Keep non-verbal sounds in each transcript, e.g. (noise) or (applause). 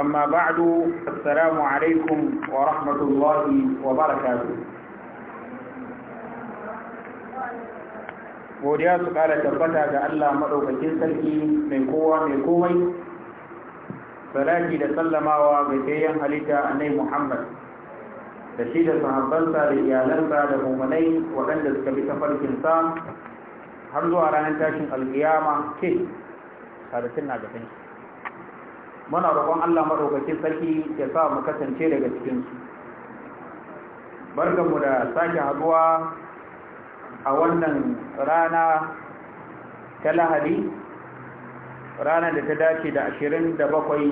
أما بعد السلام عليكم ورحمة الله وبركاته godiya su kara tabbata ga Allah maɗaukakin sarki mai kowa mai komai salati da sallamawa ga tsayen halitta nai Muhammad da shi da sahabbansa da iyalansa da mumanai waɗanda suka bi tafarkinsa har zuwa ranar tashin alkiyama ke na shi muna roƙon Allah maɗaukakin sarki ya sa mu kasance daga cikin su barkamu da sake haduwa a wannan rana ta lahadi rana da ta dace da ashirin da bakwai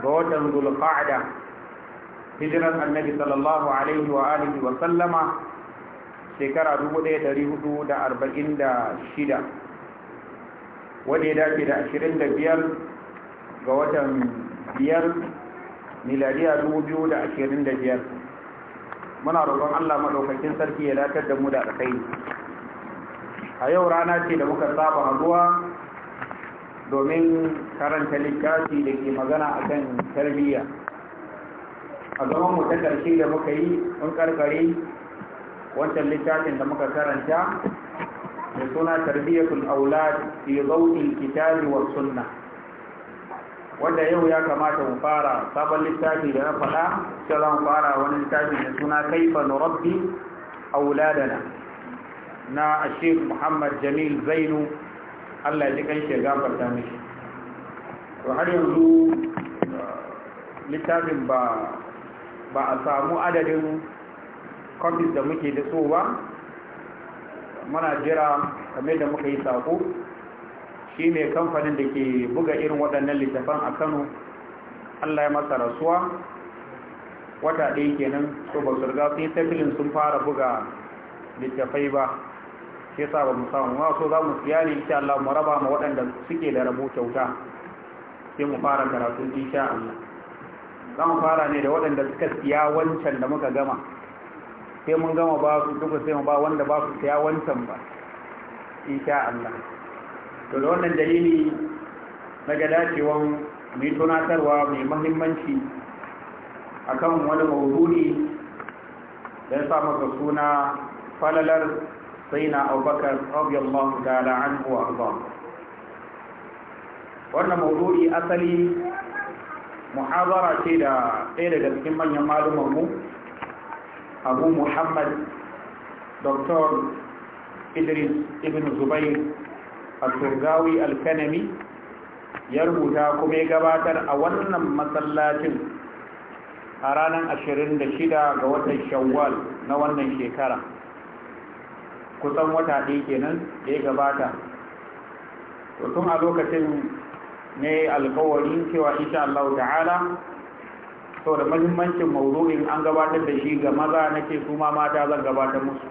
ga watan zulqa'da hijiran annabi sallallahu alaihi wa alihi wa sallama shekara shida, wanda ya dace da ashirin da biyar. ga watan biyar miladiya dubu biyu da ashirin da biyar muna roƙon allah maɗaukakin sarki ya datar da mu da alkai a yau rana ce da muka saba zuwa domin karanta littafi da ke magana akan tarbiyya a zaman mu ta ƙarshe da muka yi mun karkare wancan littafin da muka karanta da suna tarbiyyatul aulad fi dawil kitabi was sunnah wanda yau ya kamata mu fara sabon littafi da na faɗa sai za mu fara wani littafi da suna kaifa nurabbi auladana na ashir muhammad jamil zainu allah ya ji kan shi gafarta mishi to har yanzu uh, littafin ba ba a samu adadin copies da muke da so ba muna jira kamar da muka yi sako shi ne kamfanin da ke buga irin waɗannan littafan a kano allah ya masa rasuwa wata ɗaya kenan so ba su riga sun yi tafilin sun fara buga littafai ba sai sa ba mu samu ma so za mu siya ne insha Allah mu raba ma waɗanda suke da rabo kyauta sai mu fara karatu insha Allah za mu fara ne da waɗanda suka siya wancan da muka gama sai mun gama ba su duka sai mu ba wanda ba su siya wancan ba insha Allah to da wannan dalili na ga dacewan mai tunatarwa mai mahimmanci akan wani mawuri da ya samu ka suna falalar sai na abubakar rabiyallahu ta'ala an huwa wannan mawuri asali muhabara ce da ɗaya daga cikin manyan malumanmu abu muhammad dr idris ibn zubair al-turgawi al-kanami ya rubuta kuma ya gabatar a wannan masallacin a ranar 26 ga watan shawwal na wannan shekara kusan wata ɗaya kenan ya gabata to tun a lokacin ne alkawarin cewa insha Allah ta'ala sau da mahimmancin maudu'in an gabatar da shi ga maza nake su ma mata zan gabatar musu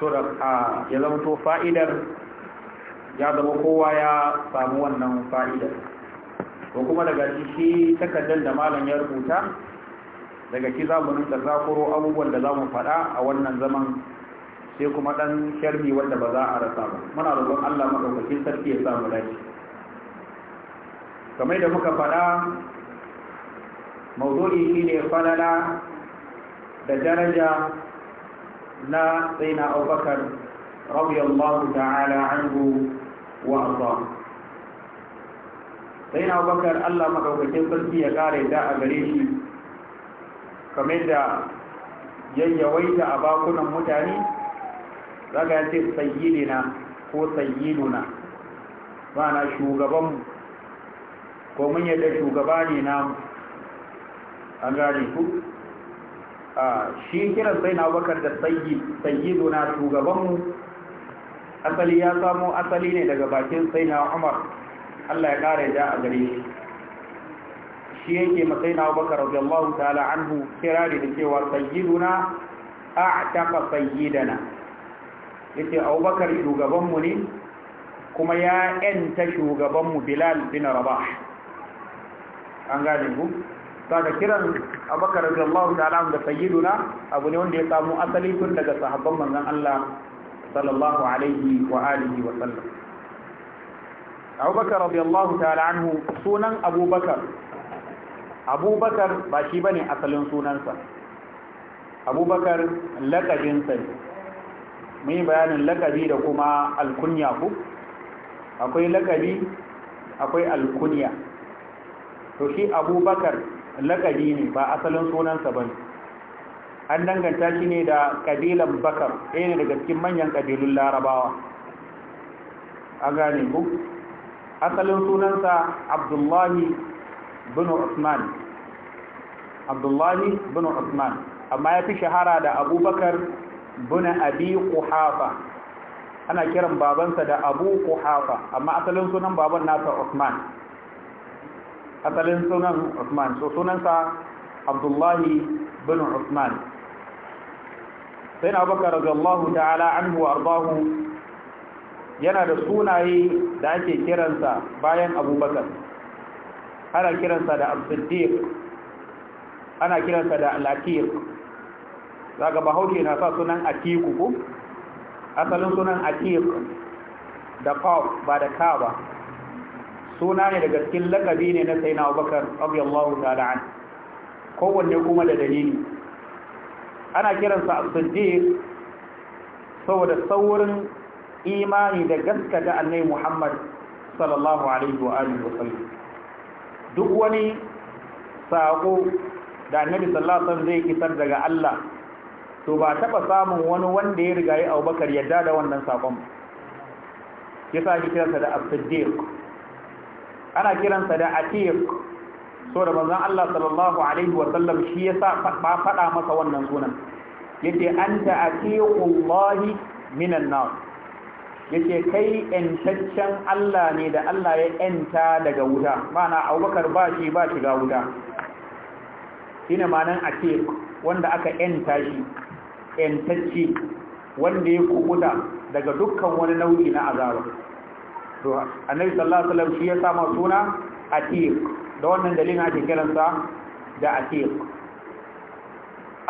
so da ya zama to fa'idar ya zama kowa ya samu wannan fa'ida ko kuma daga shi takardar da malam ya rubuta daga shi za mu rinka zakuro abubuwan da za mu faɗa a wannan zaman sai kuma ɗan sharmi wanda ba za a rasa ba muna roƙon Allah maɗaukakin sarki ya samu dace kamar da muka faɗa maudu'i ne falala da daraja na na abubakar yallahu ta'ala anhu wa Allah sai na bakar Allah maɗaukacin sarki ya kare, da a gare shi kamar da yayyawai da a bakunan mutane za ka yace sayyidina ko sayyiduna ma'ana shugaban mu. ko mun yadda shugaba ne na an gane ku a shi kiran sai na bakar da sayyiduna mu. asali ya samo asali ne daga bakin sai na umar allah ya kare da a gare shi shi yake matsayi na abubakar radiyallahu ta'ala anhu kirari da cewa sayyiduna a tafa sayyidana yace abubakar shugabanmu ne kuma ya yanta shugabanmu bilal bin rabah an gane ku saka kiran abubakar radiyallahu ta'ala da sayyiduna abu ne wanda ya samo asali tun daga sahabban manzon Allah sallallahu alaihi wa alihi wa sallam abubakar radiyallahu ta'ala anhu sunan abubakar abubakar ba shi bane asalin sunansa abubakar lakabinsa ne mun yi bayanin lakabi da kuma alkunya ku akwai lakabi akwai alkunya to shi abubakar lakabi ne ba asalin sunansa ba ne an danganta shi ne da kabilan bakar ɗaya ne daga cikin manyan kabilun larabawa a gane ku asalin sunansa abdullahi bin usman abdullahi bin usman amma ya fi shahara da abubakar bin abi kuhafa ana kiran babansa da abu kuhafa amma asalin sunan baban nasa usman asalin sunan usman so sunansa abdullahi bin usman sai na bakar radiyallahu ta'ala an huwa ardahu yana da sunaye da ake kiransa bayan abubakar ana kiransa da abdiddiq ana kiransa da alakir ga bahauke na sa sunan atiku ko asalin sunan atiku da kawo ba da kawo ba suna ne daga cikin lakabi ne na sayyidina abubakar radiyallahu ta'ala an kowanne kuma da dalili ana kiransa as-siddiq saboda saurin imani da gaskata annabi Muhammad sallallahu alaihi wa alihi sallam duk wani sako da annabi sallallahu alaihi wasallam zai kisar daga Allah to ba taba samun wani wanda ya riga ya Abubakar yadda da wannan sakon yasa ake kiransa da as-siddiq ana kiransa da atiq so da manzon Allah sallallahu alaihi wa sallam shi yasa ba faɗa masa wannan sunan yace anta atiqullahi minan nar yace kai entaccen Allah ne da Allah ya enta daga wuta mana Abubakar ba shi ba shiga wuta shine manan atiq wanda aka enta shi entacce wanda ya kubuta daga dukkan wani nau'i na azaba to annabi sallallahu alaihi wasallam shi ya sama suna atiq da wannan dalilin ake kiransa da atiq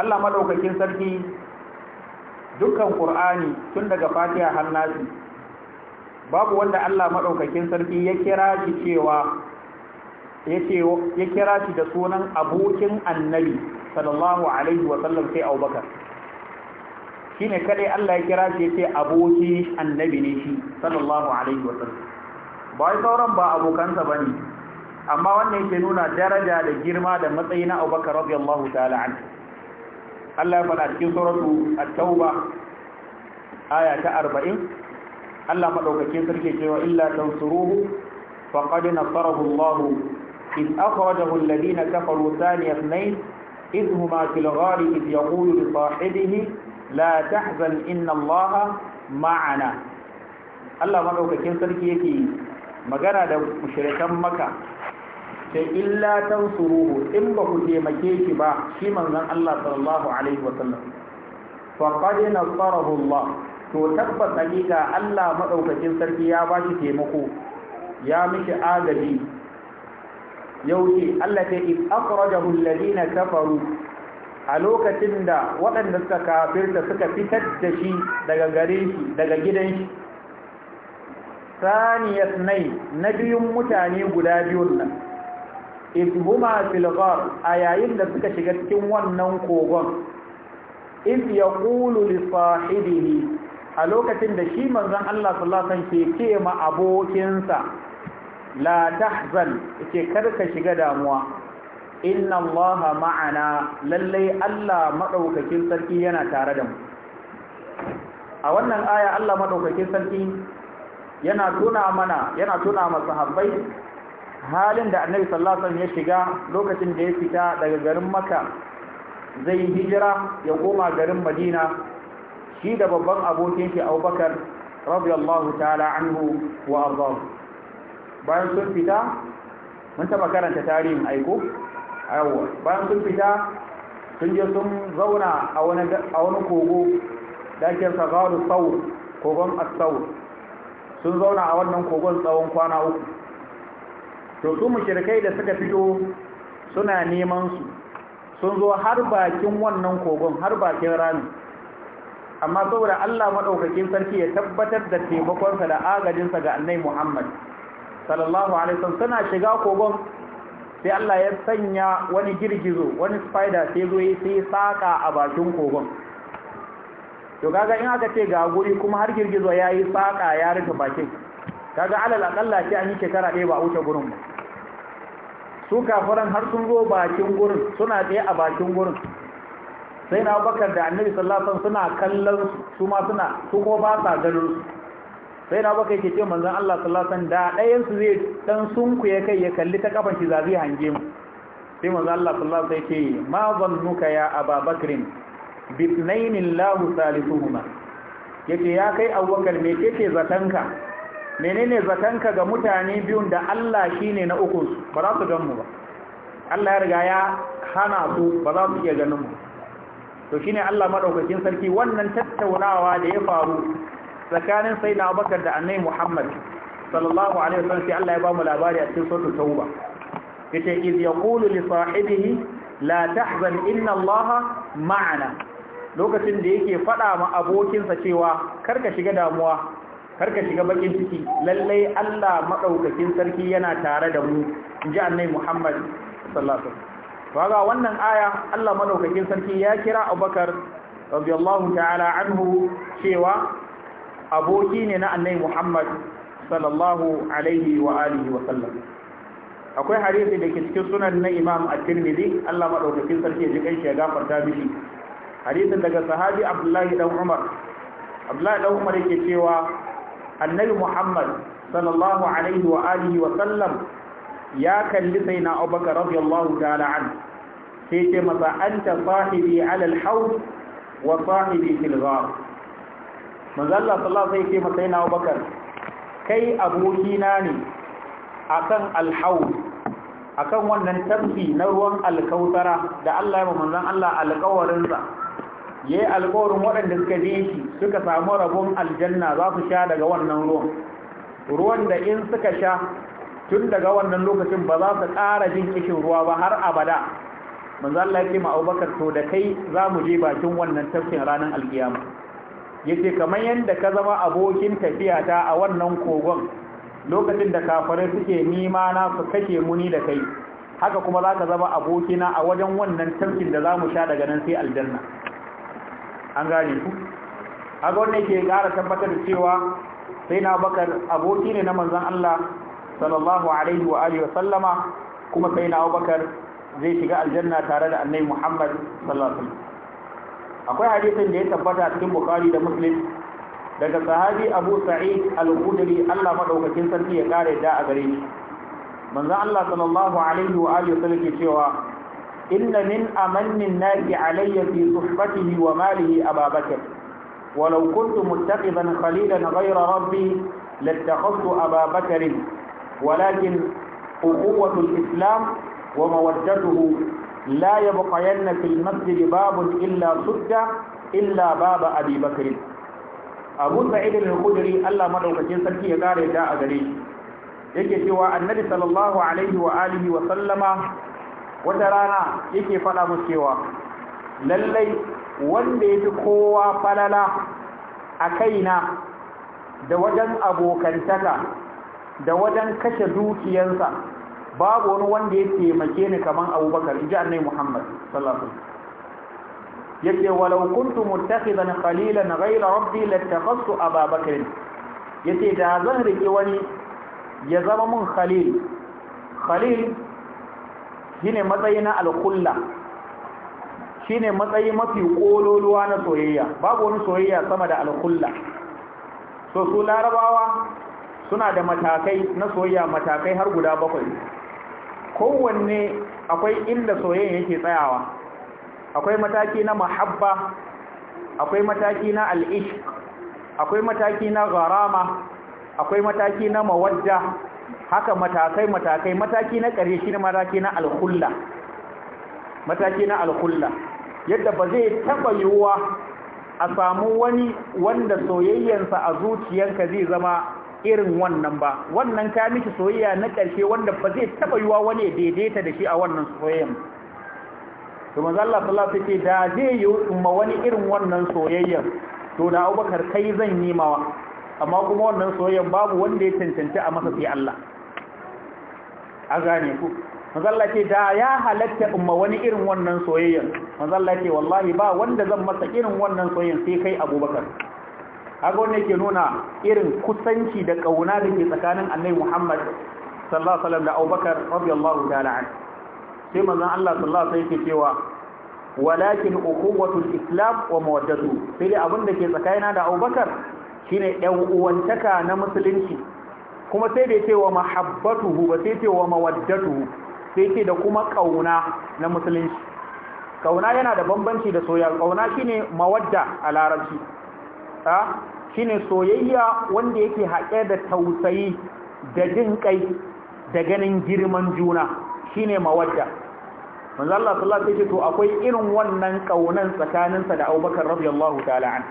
Allah madaukakin sarki dukkan qur'ani tun daga fatiha har nasi babu wanda Allah madaukakin sarki ya kira shi cewa yace ya kira shi da sunan abokin annabi sallallahu alaihi wa sallam sai Abubakar shine kadai Allah ya kira shi yace aboki annabi ne shi sallallahu alaihi wa sallam ba sauran ba abokansa bane amma wannan yake nuna daraja da girma da matsayi na abubakar radiyallahu ta'ala an Allah ya faɗa cikin suratu at-tauba aya ta 40 Allah madaukakin sarki cewa illa tansuruhu faqad nasarahu Allah إذ أخرجه الذين كفروا ثاني اثنين إذ هما في الغار إذ يقول لصاحبه لا تحزن إن الله معنا Allah maɗaukakin sarki yake magana da mushrikan maka sai illa tansuruhu in ba ku taimake shi ba shi manzon Allah sallallahu alaihi wa sallam faqad nasarahu Allah to tabbas hakika Allah madaukakin sarki ya ba shi taimako ya miki agaji yauke Allah ta is akhrajahu alladhina kafaru a lokacin da waɗanda suka kafirta suka fitar da shi daga gare shi daga gidan shi Saniyar nai na biyun mutane guda biyun nan idhuma filgar a yayin da suka shiga cikin wannan kogon id ya li sahibihi a lokacin da shi manzon Allah sallallahu alaihi ke ce ma abokinsa la tahzan ce karka shiga damuwa inna Allah ma'ana lallai Allah Maɗaukakin sarki yana tare da mu a wannan aya Allah Maɗaukakin sarki yana tuna mana yana tuna halin da annabi sallallahu alaihi ya shiga lokacin da ya fita daga garin makka zai hijira ya koma garin madina shi da babban abokin shi abubakar radiyallahu ta'ala anhu wa bayan sun fita mun taba karanta tarihin aiko bayan sun fita sun je sun zauna a wani kogo dakin sagaru sau kogon as sun zauna a wannan kogon tsawon kwana uku to su mushrikai da suka fito suna neman su sun zo har bakin wannan kogon har bakin rami amma saboda Allah madaukakin sarki ya tabbatar da taimakonsa da agajinsa ga annai Muhammad sallallahu alaihi wasallam suna shiga kogon sai Allah ya sanya wani girgizo wani spider sai zo sai saka a bakin kogon to kaga in aka ce ga guri kuma har girgizo ya yi saƙa ya rufe bakin kaga alal aƙalla ce an yi shekara ɗaya ba a wuce gurin ba su kafiran har sun zo bakin gurin suna tsaye a bakin gurin sai na bakar da annabi sallallahu alaihi wasallam suna kallon su ma suna su ko ba sa ganin su sai na bakar ke ce manzon Allah sallallahu alaihi wasallam da ɗayan su zai dan ya kai ya kalli ta kafan shi zai hange mu sai manzon Allah sallallahu alaihi wasallam sai ce ma zannuka ya Ababakrin bisnainin lahu salisuhuma yake ya kai abubakar me kake zatanka menene zatanka ga mutane biyun da Allah shine na uku su ba za su ganmu ba Allah ya riga ya hana su ba za su iya ganin mu to shine Allah madaukakin sarki wannan tattaunawa da ya faru tsakanin sayyidina Abubakar da annabi Muhammad sallallahu alaihi wasallam sai Allah ya ba mu labari a cikin suratul tauba yace iz yaqulu li sahibihi la tahzan inna Allah ma'ana lokacin da yake faɗa ma abokinsa cewa karka shiga damuwa karka shiga bakin ciki lallai Allah madaukakin sarki yana tare da mu inji annabi Muhammad sallallahu alaihi wasallam kaga wannan aya Allah madaukakin sarki ya kira Abubakar radiyallahu ta'ala anhu cewa aboki ne na annabi Muhammad sallallahu alaihi wa alihi wa sallam akwai hadisi da ke cikin sunan na Imam At-Tirmidhi Allah madaukakin sarki ya ji kai shi ya gafarta mishi hadisin daga sahabi abdullahi dan umar abdullahi dan umar yake cewa annabi muhammad sallallahu alaihi wa alihi wa sallam ya kalli sayyidina abubakar radiyallahu ta'ala an sai ce masa anta sahibi ala al wa sahibi fil ghar manzo Allah sallallahu alaihi ce masa sayyidina abubakar kai abokina ne akan al-hawd akan wannan tabbi na ruwan alkautara da Allah ya manzon Allah Ya yayi alkawarin waɗanda suka je shi suka samu rabon aljanna za su sha daga wannan ruwan ruwan da in suka sha tun daga wannan lokacin ba za su ƙara jin kishin ruwa ba har abada manzo Allah ya ce ma Abubakar to da kai za mu je bakin wannan tafkin ranar alkiyama yace kamar yanda ka zama abokin tafiyata a wannan kogon lokacin da kafare suke nima na su kashe muni da kai haka kuma za ka zama abokina a wajen wannan tafkin da za mu sha daga nan sai aljanna an gane ku haka wannan ke ƙara tabbatar da cewa sai na bakar aboki ne na manzan Allah sallallahu alaihi wa alihi wa sallama kuma sai na bakar zai shiga aljanna tare da annabi Muhammad sallallahu alaihi akwai hadisin da ya tabbata cikin Bukhari da Muslim daga sahabi abu sa'id al-khudri Allah madaukakin sarki ya kare da a gare shi manzon Allah sallallahu alaihi wa alihi wasallam ke cewa inna min amannin nasi alayya fi suhbatihi wa malihi ababakar ولو كنت متخذا خليلا غير ربي لاتخذت أبا بكر ولكن أخوة الإسلام ومودته لا يبقين في المسجد باب إلا سد إلا باب أبي بكر abu sa'id al-khudri Allah madaukakin sarki ya kare da a gare shi yake cewa annabi sallallahu alaihi wa alihi wa sallama wata rana yake faɗa musu cewa lallai wanda yafi kowa falala a kaina da wajen abokantaka da wajen kashe dukiyarsa babu wani wanda ya taimake ni kaman abubakar inji annabi muhammad sallallahu alaihi yake walau kuntu muttakhidan khalilan ghayra rabbi lattakhadtu ababakr yace da zan rike wani ya zama mun khalil khalil shine matsayi na al shine matsayi mafi kololuwa na soyayya babu wani soyayya sama da al-khulla so su larabawa suna da matakai na soyayya matakai har guda bakwai kowanne akwai inda soyayya yake tsayawa akwai mataki na mahabba akwai mataki na al'ishq akwai mataki na gharama akwai mataki na mawadda haka matakai matakai mataki na ƙarshe shine mataki na al-khulla mataki na al-khulla yadda ba zai taba yiwuwa a samu wani wanda soyayyansa a zuciyarka zai zama irin wannan ba wannan ka miki soyayya na ƙarshe wanda ba zai taba yiwuwa wani daidaita da shi a wannan soyayyan to maza Allah sallallahu alaihi wasallam da zai yi umma wani irin wannan soyayya to da Abubakar kai zan yi mawa amma kuma wannan soyayyan babu wanda ya cancanci a masa sai Allah a gane ku maza Allah ce da ya halatta umma wani irin wannan soyayyan maza Allah ce wallahi ba wanda zan masa irin wannan soyayyan sai kai Abubakar haka wanda yake nuna irin kusanci da kauna da ke tsakanin Annabi Muhammad sallallahu alaihi wasallam da Abubakar radiyallahu ta'ala anhu sai manzon Allah sallallahu alaihi wasallam yake cewa walakin ukhuwatul islam wa mawaddatu sai dai abin da ke tsakanina da Abubakar shine ɗan uwantaka na musulunci kuma sai da ce wa mahabbatuhu ba sai ce wa mawaddatuhu sai ce da kuma kauna na musulunci kauna yana da bambanci da soyayya kauna shine mawadda a larabci ha shine soyayya wanda yake haƙe da tausayi da jin da ganin girman juna shine mawadda manzo Allah sallallahu alaihi wasallam akwai irin wannan kaunan tsakaninsa da Abubakar radiyallahu ta'ala an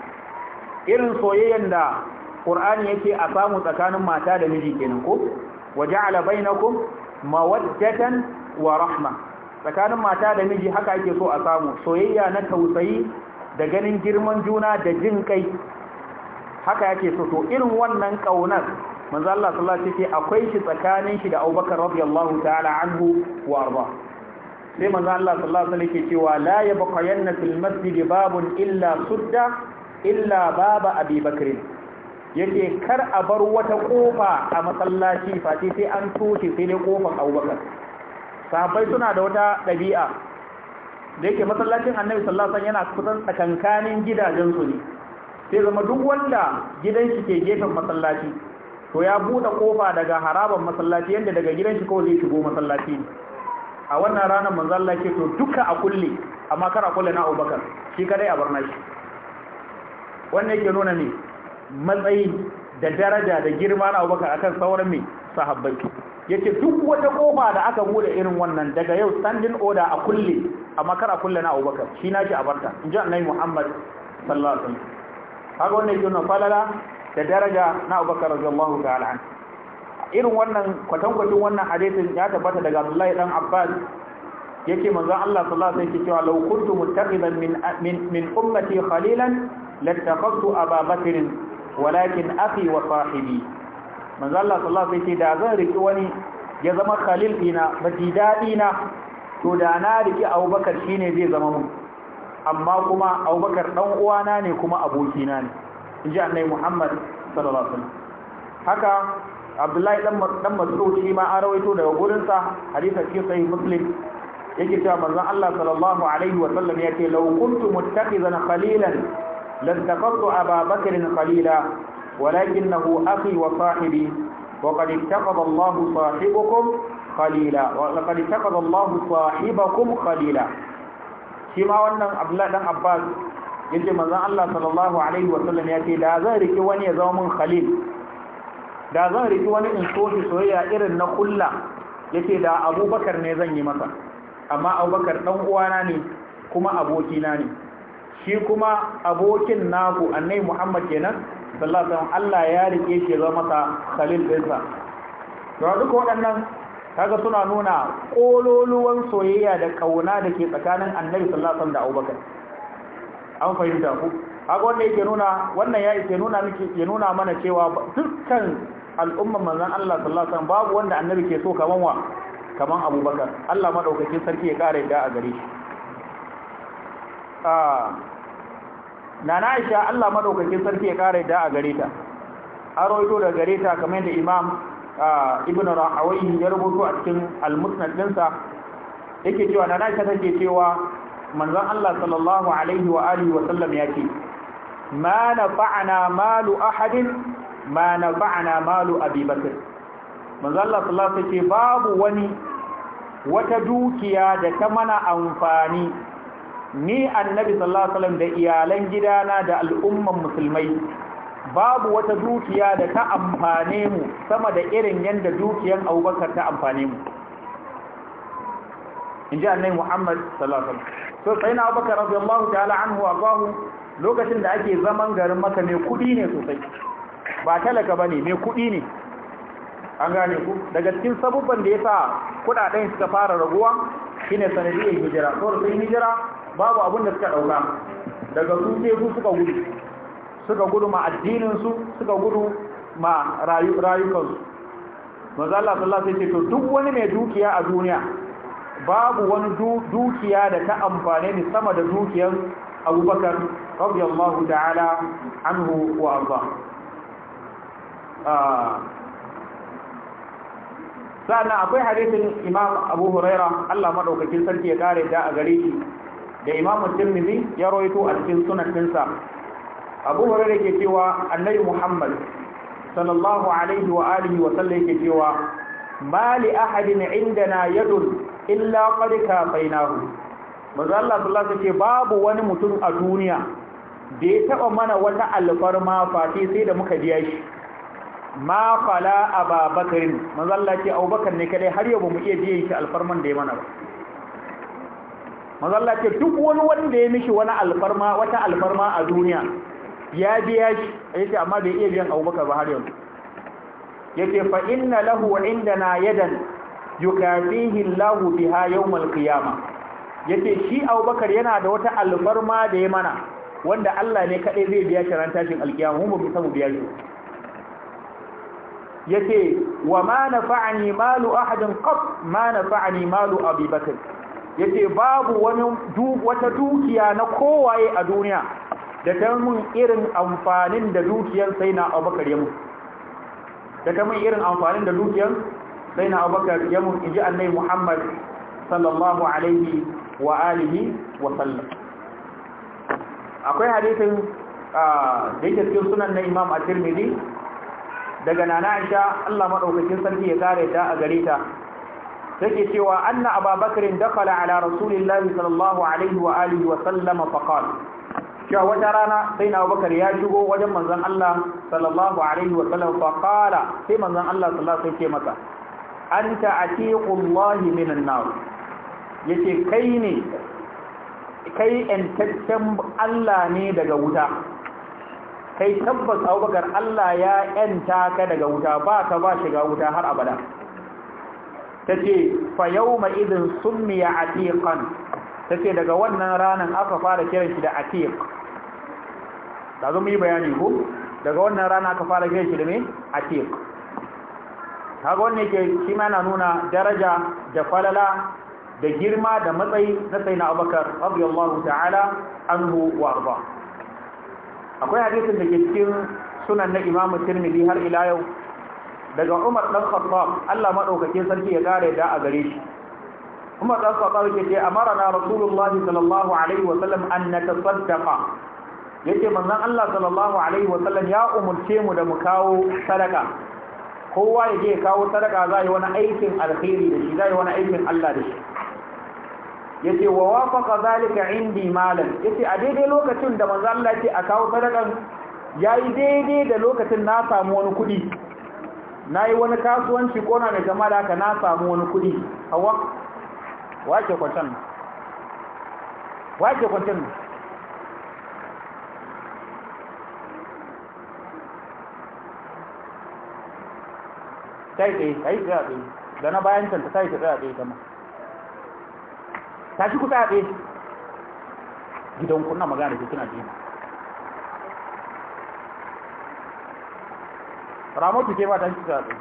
irin soyayyen da Qur'ani yake a samu tsakanin mata da miji kenan ko waja'ala bainakum mawaddatan wa rahma tsakanin mata da miji haka ake so a samu soyayya na tausayi da ganin girman juna da jin kai haka yake so to irin wannan kaunar manzo Allah sallallahu alaihi wasallam akwai shi tsakanin shi da Abubakar radiyallahu ta'ala anhu wa arba. sai manzo Allah sallallahu alaihi wasallam yake cewa la yabqayanna fil masjid babun illa sudda illa baba Abi Bakr yake kar a bar wata kofa a masallaci face sai an toshe sai ne kofar Abu sahabbai suna da wata dabi'a da yake masallacin Annabi sallallahu alaihi wasallam yana kusan tsakankanin gidajen su ne sai zama duk wanda gidan shi ke gefen masallaci to ya bude kofa daga haraban masallaci yanda daga gidan shi kawai zai shigo masallaci ne a wannan ranar manzo Allah yake to duka a kulle amma kar a kulle na Abubakar shi kadai a barna shi wannan yake nuna ne matsayi da daraja da girma na Abubakar akan sauran mai sahabbai yake duk wata kofa da aka bude irin wannan daga yau standing order a kulle amma kar a kulle na Abubakar shi nake a barta inji Annabi Muhammad sallallahu alaihi wasallam haka wannan yake nuna falala da daraja na Abubakar radiyallahu ta'ala anhu irin wannan kwatankwacin wannan hadisin ya tabbata daga Abdullahi dan Abbas yake manzon Allah sallallahu alaihi wasallam cewa law kuntu muttaqidan min min ummati khalilan lattaqatu a Bakr walakin akhi wa sahibi manzon Allah sallallahu alaihi wasallam da zan riki wani ya zama khalil dina daɗi na to da na riki Abubakar shine zai zama mu amma kuma Abubakar dan uwana ne kuma abokina ne inji annabi Muhammad sallallahu alaihi wasallam haka abdullahi dan mas'ud shi ma an rawaito daga gurinsa hadisin cikin sahih muslim yake cewa manzon Allah sallallahu alaihi wa sallam ya ce law kuntu muttaqizan khalilan lantaqattu Aba Bakr khalila walakinahu akhi wa sahibi وقد اتخذ الله wa خليلا وقد اتخذ الله صاحبكم shi ma wannan Abdullah dan Abbas yace manzon Allah sallallahu alaihi wa sallam ya ce da zan riki wani ya zama mun khalil da zan riki wani in so shi soyayya irin na kulla yake da abubakar ne zan yi masa amma abubakar dan uwana ne kuma abokina ne shi kuma abokin naku annai muhammad kenan sallallahu alaihi wasallam Allah ya rike shi zama masa khalil dinsa to duka waɗannan kaga suna nuna kololuwan soyayya da kauna da ke tsakanin annabi sallallahu alaihi wasallam da abubakar an fahimta ku haka wanda yake nuna wannan ya ke nuna miki ya nuna mana cewa dukkan al'umma manzon Allah sallallahu alaihi wasallam babu wanda annabi ke so kaman wa kaman Abubakar Allah madaukakin sarki ya kare da a gare shi ah nana Aisha Allah madaukakin sarki ya kare da a gare ta an rawaito da gare ta kamar da Imam ah, Ibn Rahawayh ya rubuto a cikin al-Musnad dinsa yake cewa nana Aisha take cewa manzan Allah sallallahu alaihi wa alihi wa sallam ya ce ma nafa'ana malu ahadin ma nafa'ana malu abi bakr manzo ce babu wani wata dukiya da ta mana amfani ni annabi sallallahu alaihi wasallam da iyalan gidana da al'umman musulmai babu wata dukiya da ta amfane mu sama da irin yanda dukiyan Abubakar ta amfane mu inji annabi Muhammad sallallahu alaihi wasallam sai na Abubakar radiyallahu ta'ala anhu wa lokacin da ake zaman garin Makka ne kudi ne sosai ba talaka bane mai kuɗi ne an gane ku daga cikin sabubban da ya sa kuɗaɗen suka fara raguwa shine sanadiyar hijira saboda sun hijira babu abin da suka ɗauka daga su sai su suka gudu suka gudu ma addininsu suka gudu ma rayukansu maza Allah sallallahu alaihi wasallam duk wani mai dukiya a duniya babu wani dukiya da ta amfane ni sama da dukiyar Abubakar radiyallahu ta'ala anhu wa arda sannan akwai hadisin imam abu huraira allah maɗaukakin sarki ya kare da a gare shi da imam tirmidhi ya roito a cikin sunaninsa abu huraira ke cewa annabi muhammad sallallahu alaihi wa alihi wa sallam ke cewa mali ahadin na yadun illa qad kafainahu manzo Allah sallallahu alaihi babu wani mutum a duniya da ya taɓa mana wata alfarma fati sai da muka biya shi ma fala ababakarin mazalla ce abubakar ne kadai har yau ba mu iya biye shi alfarman da ya mana ba mazalla duk wani wanda ya mishi wani alfarma wata alfarma a duniya ya biya shi A ce amma bai iya biyan abubakar ba har yau ya ce fa inna lahu inda na yadan yukafihi lahu biha yawmal qiyama ya ce shi abubakar yana da wata alfarma da ya mana wanda Allah ne kadai zai biya shi ran tashin alkiyama mu ba mu biya shi yake wa ma nafa'ani malu ahadin qab ma nafa'ani malu abi bakr yake babu wani wata dukiya na kowaye a duniya da ta mun irin amfanin da dukiyar sayyidina abubakar ya mu da ta mun irin amfanin da dukiyar sayyidina abubakar ya mu inji annabi muhammad sallallahu alaihi wa alihi wa sallam akwai hadisin ah, da yake cikin sunan na imam at-tirmidhi daga nana aisha Allah madaukakin sarki ya kare ta a gare ta take cewa anna ababakar dakhala ala rasulillahi sallallahu alaihi wa alihi wa sallam fa qala cewa wata rana sai na abubakar ya shigo wajen manzon Allah sallallahu alaihi wa sallam fa qala sai manzon Allah sallallahu alaihi ce masa anta atiqullahi minan nar yace kai ne kai entaccen Allah ne daga wuta kai tabbas abubakar Allah ya ‘yanta ka daga wuta ba ka ba shiga wuta har abada ta ce fa yau ma izin summiya atiqan ta ce daga wannan ranar aka fara kiran shi da atiq ta zo yi bayani ko daga wannan rana aka fara kiran shi da me atiq haka wannan ke shi ma na nuna daraja da falala da girma da matsayi na sai na abubakar rabbi ta'ala anhu wa arba akwai hadisin da ke cikin sunan na imamu tirmidhi har ila yau daga umar dan khattab Allah madaukakin sarki ya kare da a gare shi umar dan khattab yake ce amarna rasulullahi sallallahu alaihi wa sallam an natasaddaqa yake manzon Allah sallallahu alaihi wa sallam ya umurce mu da mu kawo sadaka kowa ya je kawo sadaka yi wani aikin alkhairi da shi yi wani aikin Allah da shi yace wa wafaqa zalika indi malan yace a daidai lokacin da manzo Allah yake a kawo sadakan yayi daidai da lokacin na samu wani kudi nayi wani kasuwanci ko na mai jama'a da aka na samu wani kudi hawa wace kwatan wace kwatan sai kai sai da na bayan ta sai ta da kai ta tashi ku tsaye gidan kuna magana da kuna jima ramotu ke ba tashi ku tsaye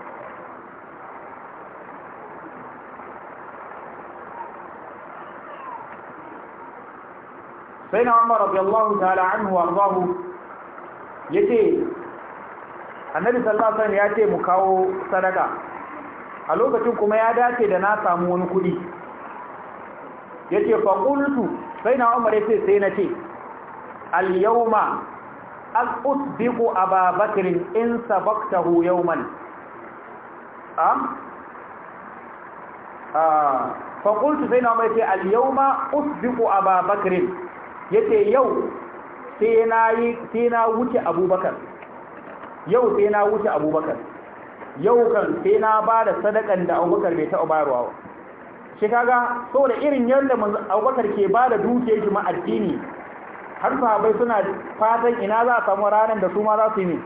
sai na umar radiyallahu ta'ala anhu warzahu yace annabi sallallahu alaihi wasallam ya ce mu kawo sadaka a lokacin kuma ya dace da na samu wani kuɗi yace fa qultu sai na umar yace sai na ce al yawma asbiqu ababakr in sabaqtahu yawman am ah fa qultu sai na umar yace al yawma asbiqu ababakr yace yau sai na yi sai na wuce abubakar yau sai na wuce abubakar yau kan sai na ba da sadakan da abubakar bai taɓa bayarwa ke kaga saboda irin yadda abubakar ke ba da dukiyar shi ma addini har sahabai suna fatan ina za a samu ranar da su ma za su yi ne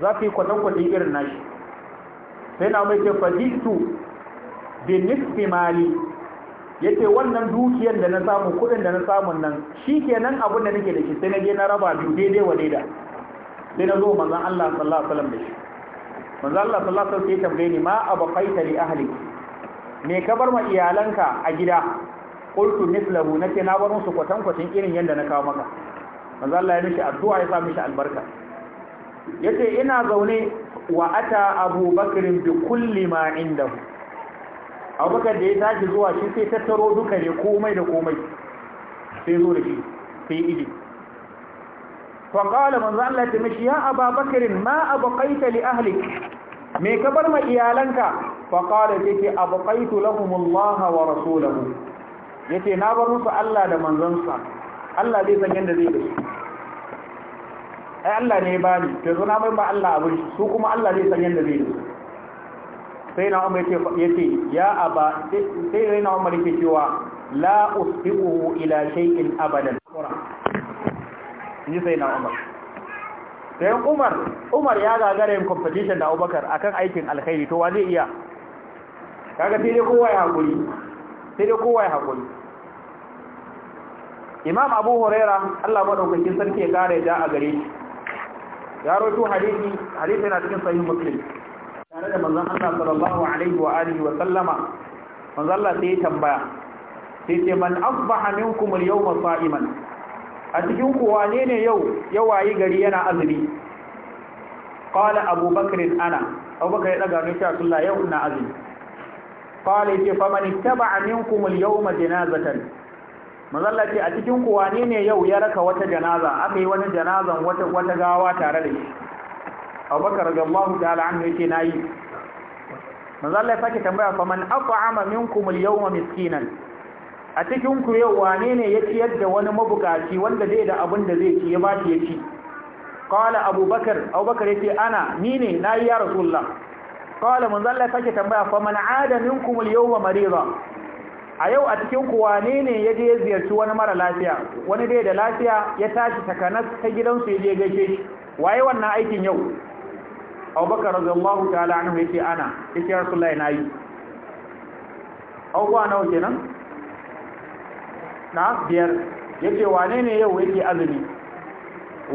za su yi kwatankwati irin nashi sai na mai ke fajitu bin nisfi mali ya ce wannan dukiyar da na samu kudin da na samun nan shi kenan abin da nake da shi sai na je na raba biyu daidai wa daida sai na zo manzan Allah sallallahu alaihi wasallam da shi manzan Allah sallallahu alaihi wasallam sai tambaye ni ma abaqaita li ahli me ka bar ma iyalanka a gida qultu mithlahu nake na bar musu kwatan kwatin irin yanda na kawo maka manzo Allah ya mishi addu'a ya sa mishi albarka yace ina zaune wa ata Abu Bakr bi kulli ma indahu Abu Bakr da ya tashi zuwa shi sai tattaro duka ne komai da komai sai zo da shi sai idi fa qala manzo Allah ya mishi ya Abu Bakr ma abqaita li ahlik me ka bar ma iyalanka faƙaɗa yake abuƙaitu lahumullaha wa rasulahu ce na bar musu Allah da manzansa Allah zai san yadda zai da su ai Allah ne ba ni to zuna mai ba Allah abin su kuma Allah zai san yadda zai da su sai na umar ya ce ya aba sai na umar yake cewa la usbihu ila shay'in abadan ni sai na umar sai umar umar ya gagara yin competition da abubakar akan aikin alkhairi to wa zai iya kaga sai dai kowa ya hakuri sai dai kowa ya hakuri imam abu huraira Allah madaukakin sarki ya kare da a gare shi ya rawaito hadisi hadisi yana cikin sahih muslim tare da manzon Allah sallallahu alaihi wa alihi wa sallama manzon Allah sai ya tambaya sai ce man asbaha minkum al-yawma sa'iman a cikin ku wane ne yau wayi gari yana azumi qala abubakar ana abubakar ya daga ne sha Allah yau ina azumi qala yace faman ittaba'a minkum al-yawma janazatan mazalla ce a cikin ku wane ne yau ya raka wata janaza aka yi wani janazan wata wata gawa tare da shi Abubakar radiyallahu ta'ala anhu yace nayi mazalla ya sake tambaya faman at'ama minkum al-yawma miskinan a cikin ku yau wane ne ya ciyar da wani mabukaci wanda zai da abin da zai ci ya ba ya ci qala abubakar abubakar yace ana ni ne nayi ya rasulullah Kawai manzo Allah sake tambaya fa man ada minkum al-yawma a yau a cikin ku wane ne ya je ziyarci wani mara lafiya wani dai da lafiya ya tashi takanas ta gidansu ya je gaishe shi waye wannan aikin yau Abubakar radiyallahu ta'ala anhu yace ana yace Rasulullahi nayi Abubuwa nawa kenan na biyar yace wane ne yau yake azumi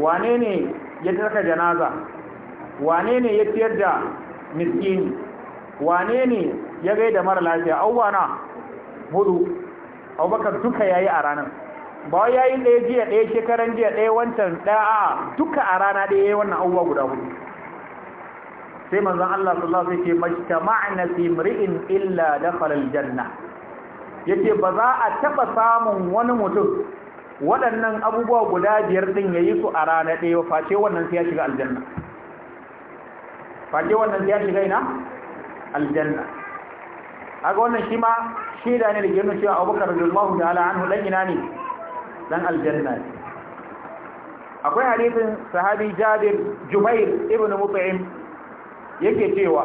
wane ne ya tarka janaza wane ne ya tiyar da miskini wane ne ya gaida mara lafiya auwana hudu abubakar duka yayi a ranar ba yi ɗaya jiya ɗaya shekaran jiya ɗaya wancan ɗaya a duka a rana ɗaya yi wannan auwa guda hudu sai manzan Allah su alaihi wasallam yake majtama'na fi imri'in illa janna aljanna ce ba za a taba samun wani mutum waɗannan abubuwa guda biyar ɗin ya yi su a rana ɗaya face wannan sai ya shiga aljanna fage wannan ya shiga ina aljanna aga wannan shi ma shaida ne da ke nuna cewa abubakar da ta'ala anhu dan ina ne dan aljanna akwai hadisin sahabi jabir jubair ibn mut'im yake cewa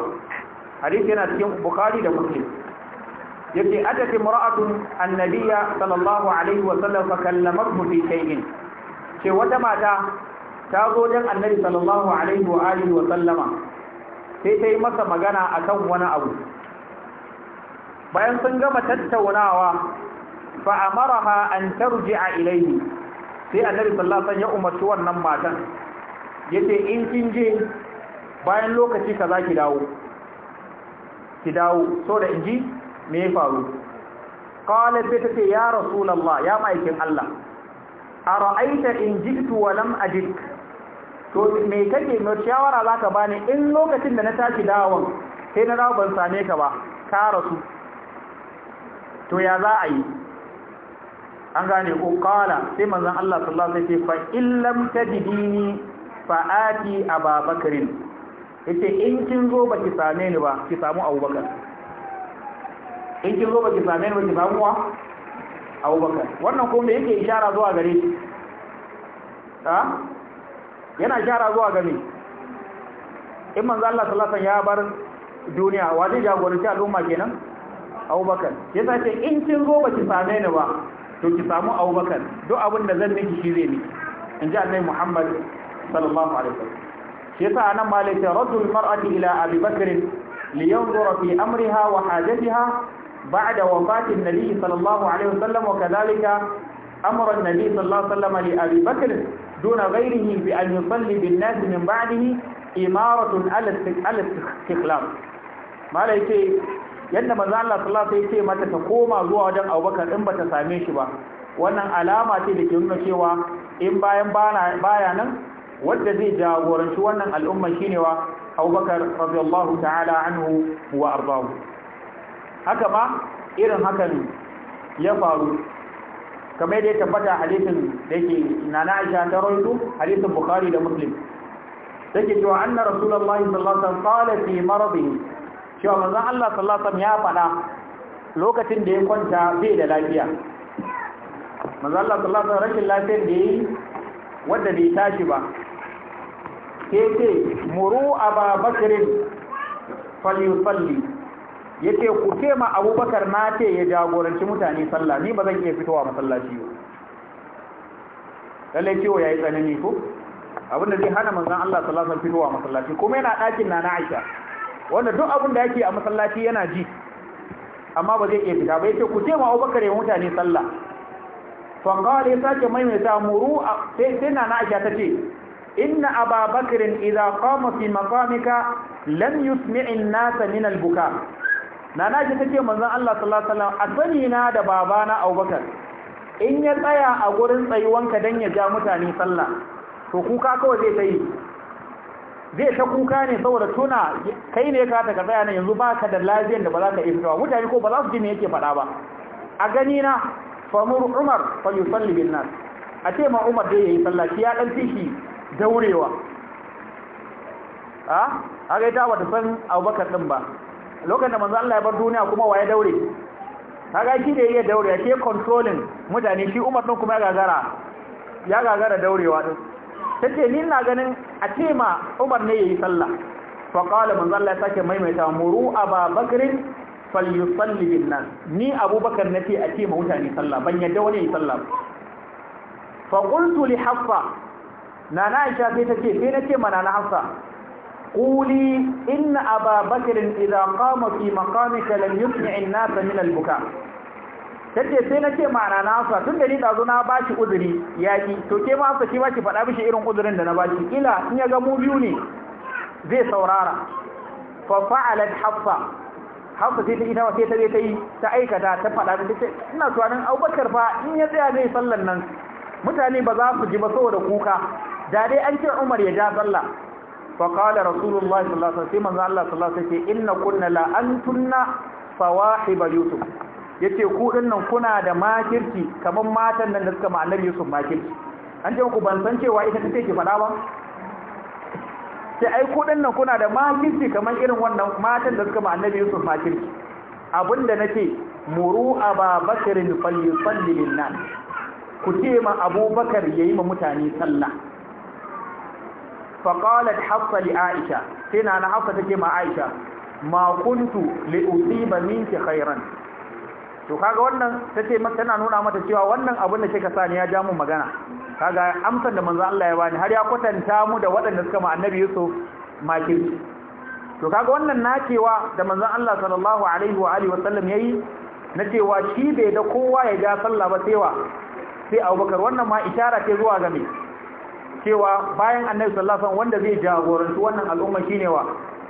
hadisi yana cikin bukhari da muslim yake atat imra'atun annabiya sallallahu alaihi wa sallam fa kallamathu fi shay'in ce wata mata ta zo dan annabi sallallahu alaihi wa alihi wa sallama sai ta yi masa magana a kan wani abu bayan sun gama tattaunawa fa'amaraha an tarji a ilaihi sai annabi sallasan ya umarci wannan matan ya ce in kin je bayan lokaci ka za ki dawo ki dawo so da in ji me ya faru ƙawalar sai ta ce ya rasulallah ya ma'aikin Allah a ra'aita in jiktu wa lam ajik to me kake mai shawara zaka bani in lokacin da na tashi dawon sai na dawo ban same ka ba ka rasu to ya za a yi an gane ko kala sai manzon Allah sallallahu alaihi wasallam fa illam tajidini fa ati ababakarin yace in kin zo ba ki same ni ba ki samu abubakar in kin zo ba ki same ni ba ki samu wa abubakar wannan me yake ishara zuwa gare shi ha yana shara zuwa game in manzo Allah sallallahu alaihi ya bar duniya wa jagoranci al'umma kenan Abubakar yasa ce in kin zo ba ki same ni ba to ki samu Abubakar duk abin da zan miki shi zai miki in ji annabi Muhammad sallallahu alaihi wasallam shi yasa anan malaka radul mar'ati ila Abi Bakr liyanzura fi amriha wa hajatiha ba'da wafati an-nabi sallallahu alaihi wasallam wa kadhalika amara an-nabi sallallahu alaihi wasallam li Abi Bakr دون غيره بأن يصلي بالناس من بعده إمارة على الاستخلاف ما لا يتي yadda manzo Allah sallallahu alaihi wasallam ya ce mata ta koma zuwa wajen Abubakar in bata same shi ba wannan alama ce da ke nuna cewa in bayan baya nan wanda zai jagoranci wannan al'umma shine wa Abubakar radiyallahu ta'ala anhu wa haka ma irin hakan ya faru kamar da ya tabbata hadisin da yake nana Aisha ta rawaito hadisin Bukhari da Muslim take cewa anna Rasulullahi sallallahu alaihi wasallam qala fi maradihi cewa manzon Allah sallallahu alaihi wasallam ya fada lokacin da ya kwanta bai da lafiya manzon Allah sallallahu alaihi wasallam rashin lafiyar da yi wanda bai tashi ba sai ce muru Aba Bakr falyusalli Yace ku ce ma abubakar na ce ya jagoranci mutane sallah ni ba zan iya fitowa masallaci ba. lallai ciwo ya yi tsanani ko abinda zai hana manzan Allah sallallahu alaihi fitowa masallaci kuma yana ɗakin na na Aisha wanda duk abin da yake a masallaci yana ji amma ba zai iya fita ba yace ku ce ma Abubakar ya mutane sallah fa qala ya sake mai mai tamuru sai sai na na Aisha tace inna Ababakar idza qama fi maqamika lam yusmi'i an-nasa min al-buka na shi take manzon Allah sallallahu alaihi wasallam asani na da babana Abubakar in ya tsaya a gurin tsayuwanka dan ya ja mutane sallah to kuka kawai zai tayi zai ta kuka ne saboda tuna kai ne ka taka tsaya nan yanzu baka da lafiyar da ba za ka iya fitowa mutane ko ba za su ji me yake faɗa ba a gani na famur Umar fa yusalli bin nas a ce ma Umar dai yayi sallah shi ya dan tishi daurewa a ah? haka ita ba ta san Abubakar din ba lokacin da manzo Allah ya bar duniya kuma waye daure kaga shi da yake daure shi controlling mutane shi Umar din kuma ya gagara ya gagara daurewa din take ni ina ganin a tema Umar ne yayi sallah fa qala manzo Allah ya sake maimaita muru Aba Bakr falyusalli bin nas ni Abubakar nake a tema mutane sallah ban yadda wani yayi sallah fa qultu li Hafsa nana Aisha sai ce sai nake ma na Hafsa قولي إن أبا بكر إذا قام في مقامك لم يسمع الناس من البكاء tace sai nace ma'ana na sa tun da ni da zo na bashi uzuri yaki to ke ma sa ki bashi faɗa mishi irin uzurin da na bashi kila in ya ga mu biyu ne zai saurara fa fa'alat hafsa hafsa sai ta ita ma sai ta zai ta yi ta aikata ta faɗa mishi tace ina tunanin Abubakar fa in ya tsaya zai sallan nan mutane ba za su ji ba saboda kuka da dai an ce Umar ya ja sallah فقال رسول الله صلى الله عليه وسلم من الله صلى الله عليه وسلم إن كنا لا أنتنا صواحب يوسف yace ku dinnan kuna da makirci kaman matan nan da suka ma annabi Yusuf makirci an ce ku ban san cewa ita take ki fada ba sai ai ku dinnan kuna da makirci kaman irin wannan matan da suka ma annabi Yusuf makirci abinda nace muru ababakarin falyusalli linnas ku ce ma abubakar yayi ma mutane sallah faƙalar hafsa li aisha sai na na hafsa take ma aisha ma kuntu minki khairan to kaga wannan tace tana nuna mata cewa wannan abin da kika sani ya ja mu magana kaga amsar da manzo Allah ya bani har ya kwatanta mu da waɗanda suka ma annabi Yusuf makirci to kaga wannan cewa da manzo Allah sallallahu alaihi wa alihi wasallam yayi na cewa shi bai da kowa ya ja sallah ba sai wa sai Abubakar wannan ma isharar ce zuwa ga cewa bayan annabi sallallahu alaihi wanda zai jagoranci wannan al'umma shine wa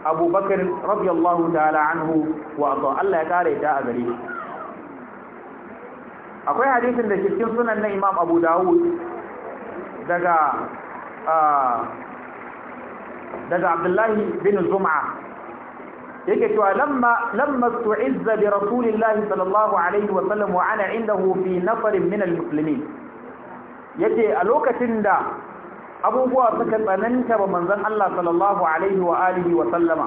abubakar radiyallahu ta'ala anhu wa Allah ya kare ta a gare akwai hadisin da ke cikin sunan na Imam Abu Dawud daga daga Abdullahi bin Zum'a yake cewa lamma lamma tu'izza bi rasulillahi sallallahu alaihi wa sallam wa ana indahu fi nafarin min al-muslimin yace a lokacin da abubuwa suka tsananta ba manzon Allah sallallahu alaihi wa alihi wa sallama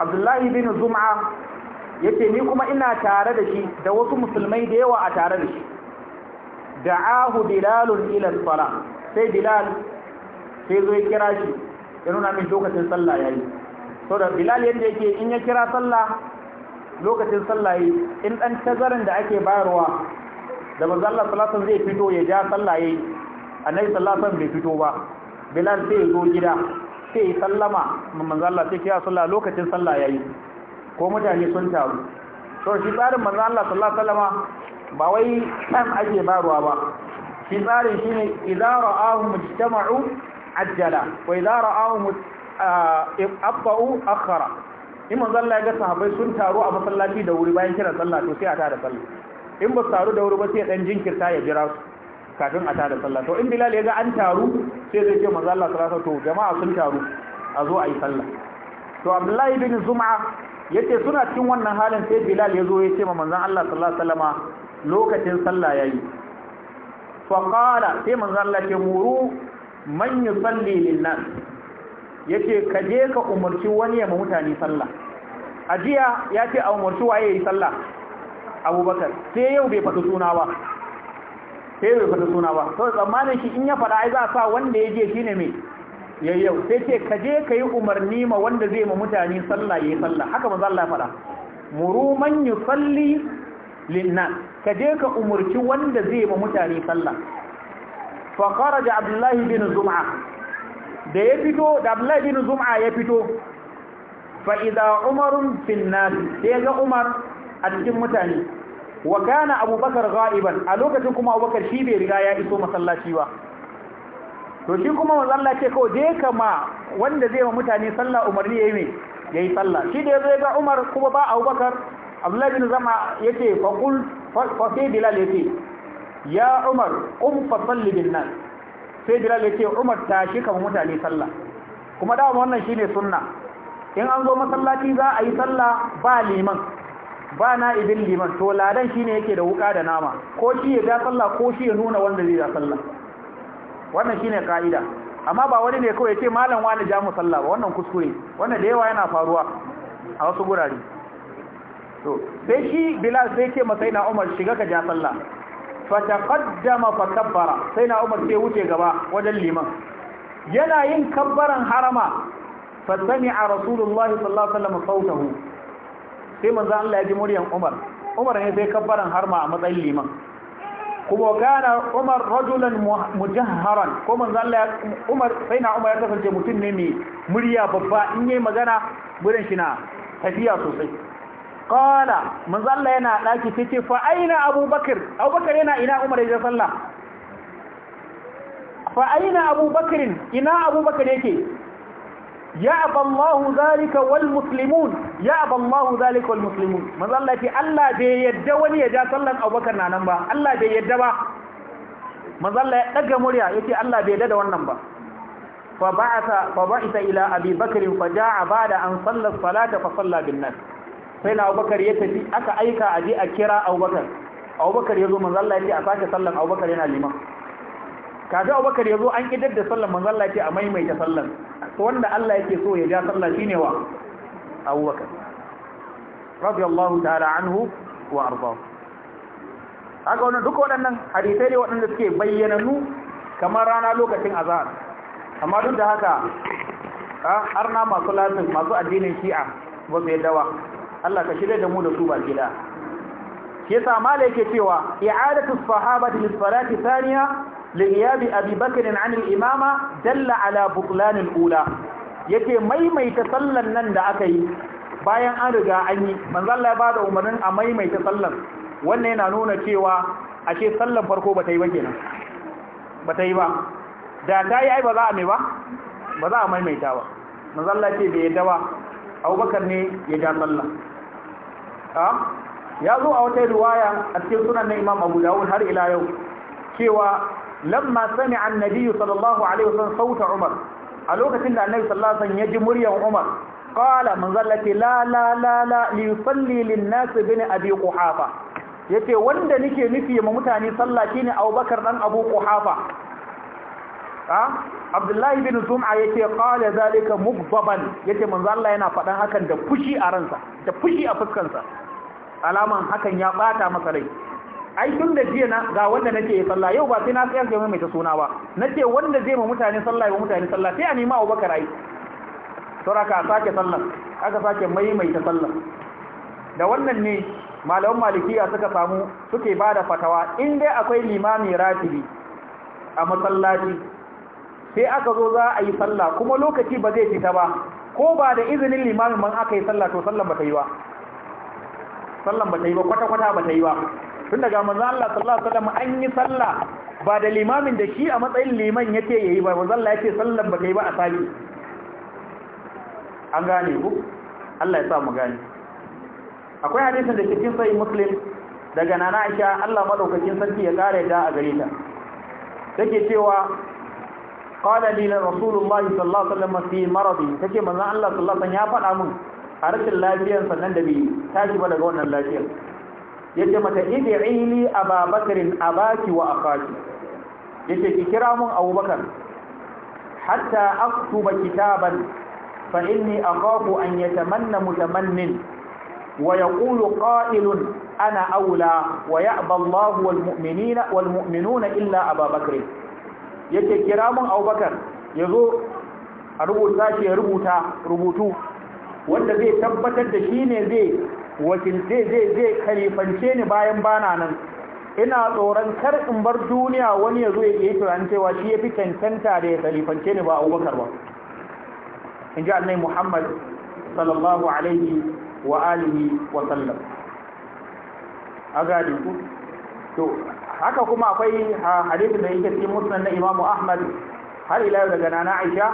Abdullahi bin Zum'a ce ni kuma ina tare da shi da wasu musulmai da yawa a tare da shi da'ahu bilalun ila sala sai Bilal sai zo ya kira shi ya nuna min lokacin sallah yayi so da Bilal yanda yake in ya kira sallah lokacin sallah yayi in ɗan tazarin da ake bayarwa da manzo Allah sallallahu alaihi wasallam zai fito ya ja sallah yayi annabi sallallahu alaihi bai fito ba bilal sai zo gida sai ya sallama manzo Allah sai ya sallah lokacin sallah yayi ko mutane sun taru to shi tsarin manzo Allah sallallahu alaihi wasallama ba wai kan ake baruwa ba shi tsarin shine idza ra'ahu mujtama'u ajjala wa idza ra'ahu ah, abba'u akhara in manzo Allah ya ga sahabbai sun taru a masallaci da wuri bayan kiran sallah to sai a tada sallah in ba su taru da wuri ba sai dan jinkirta ya jira su kafin a tada sallah to in bilal ya ga an taru sai zai ce manzo Allah sallallahu to jama'a sun taru a zo ayi sallah to abdullahi bin zum'a yace suna cikin wannan halin sai bilal ya zo ya ce ma Allah sallallahu alaihi wasallama lokacin sallah yayi fa qala sai manzo Allah ya muru man yusalli lin nas yace ka je ka umarci wani ya mutane sallah ajiya yace a umarci waye yi sallah abubakar sai yau bai faɗi suna ba sai bai faɗi suna ba to tsammanin shi in ya faɗa ai za a sa wanda ya je shi shine me yayyau sai ce ka je ka yi umarni ma wanda zai ma mutane sallah ya yi sallah haka manzo Allah ya faɗa muru man yusalli linnas ka je ka umarci wanda zai ma mutane sallah fa da abdullahi bin zum'a da ya fito da abdullahi bin zum'a ya fito fa idza umarun fil nas sai ga umar a cikin mutane wa kana abubakar ghaiban a lokacin kuma abubakar shi bai riga ya iso masallaci ba to shi kuma manzalla ce kawai je kama wanda zai wa mutane sallah umarni yayi me yayi sallah shi da yazo ga Umar kuma ba Abubakar Abdullah bin Zama yace fa qul fa Bilal yace ya Umar qum fa salli bin nas sai Bilal yace Umar shi kama mutane sallah kuma da wannan shine sunna in an zo masallaci za a yi sallah ba liman ba na ibin liman to ladan shine yake da wuka da nama ko shi ya ga sallah ko shi ya nuna wanda zai ga sallah wannan shine kaida amma ba wani ne kawai yace malam wani ja mu sallah ba wannan kuskure wannan da yawa yana faruwa a wasu gurare to sai shi bilal sai ke masa ina umar shiga ka ja sallah fa taqaddama fa kabbara sai na umar sai wuce gaba wajen liman yana yin kabbaran harama fa a rasulullahi sallallahu alaihi wasallam sautahu sai manzo Allah ya ji muryan Umar Umar ne sai kabbaran harma a matsayin liman kuma kana Umar rajulan mujahharan ko manzo Allah Umar sai na Umar ya kasance mutum ne mai murya babba in yayi magana gurin shi na tafiya sosai qala manzo Allah yana daki tace fa aina Abubakar Abubakar yana ina Umar ya sallah fa aina Abubakar ina Abubakar yake يأبى الله ذلك والمسلمون يأبى الله ذلك والمسلمون من الله يتي الله بي يدى ولي يجا صلى أبو بكر نانم با الله بي يدى با من الله يتقى مريا يتي الله بي يدى ونم با فبعث فبعث إلى أبي بكر فجاء بعد أن صلى الصلاة فصلى بالناس سيدنا أبو بكر يتي أكا أيكا أجي أكرا أبو بكر أبو بكر يزو من الله يتي أساك صلى أبو بكر ينا لما kaga abubakar ya zo an idar da sallar manzon Allah a maimaita sallar to wanda Allah yake so ya ja sallah shine wa abubakar radiyallahu ta'ala anhu wa ardahu haka wannan duk waɗannan hadisai ne waɗanda suke bayyananu kamar rana lokacin azhar amma duk da haka arna masu latin masu addinin shi'a ba su yadda wa Allah ka shirya da mu da su ba gida shi yasa mala yake cewa i'adatu sahabati lis salati thaniya liyabi abi bakirin anil imama dalla ala buklanin ula yake maimaita sallan nan da aka yi bayan an riga an yi manzalla ba da umarnin a maimaita sallan wannan yana nuna cewa ashe sallan farko ba ta yi ba kenan ba ta yi ba da ta yi ai ba za a mai ba ba za a maimaita ba manzalla ce da ya dawa abubakar ne ya ja sallan ya zo a wata riwaya a cikin sunan na imam abu dawud har ila yau cewa lamma sami'a annabi sallallahu alaihi wasallam sauta umar a lokacin da annabi sallallahu alaihi wasallam ya ji muryar umar qala man zallati la la la la li yusalli lin nas bin abi quhafa yace wanda nake nufi ma mutane sallah shine abubakar dan abu quhafa ha abdullahi bin zum'a yace qala zalika mugbaban yace manzo Allah yana faɗan hakan da fushi a ransa da fushi a fuskansa alaman hakan ya bata masa rai ai tun da jiya na ga wanda nake sallah yau ba sai na tsayar da mai ta suna ba nace wanda zai ma mutane sallah ba mutane sallah sai a nemi Abubakar ai a sake sallah aka sake maimaita sallah da wannan ne malaman malikiya suka samu suke bada fatawa in dai akwai limami ratibi a masallaci sai aka zo za a yi sallah kuma lokaci ba zai fita ba ko ba da izinin limamin man aka yi sallah to sallah ba ta yi ba sallan ba ta yi ba kwata-kwata ba ta yi ba tun daga manzo Allah sallallahu alaihi wasallam an yi sallah ba da limamin da shi a matsayin liman ya ya yi ba manzo Allah ce sallan ba yi ba a sami an gane ku Allah ya sa mu gane akwai hadisin da cikin sahih muslim daga nana Aisha Allah madaukakin sarki ya kare da a gare ta take cewa qala li rasulullah sallallahu alaihi wasallam fi maradi take manzo Allah sallallahu alaihi wasallam ya faɗa min a rashin lafiyar sannan da bi tashi ba daga wannan lafiyar yace mata a li a baki wa akhaki yace ki kira mun abubakar hatta aktuba kitaban fa inni akhafu an yatamanna mutamannin wa ƙulu qa'ilun ana aula wa ya'ba Allah wal illa a mu'minuna yace kira mun abubakar yazo a rubuta shi ya rubuta rubutu wanda zai tabbatar da shi ne zai wakil zai zai kalifance ni bayan bana nan ina tsoron kar in bar duniya wani ya zo ya yi tunanin cewa shi ya fi cancanta da ya kalifance ni ba abubakar ba in ji annai muhammad sallallahu alaihi wa alihi wa sallam a gadi ku to haka kuma akwai hadisi da yake cikin musnad na imamu ahmad har ila daga nana aisha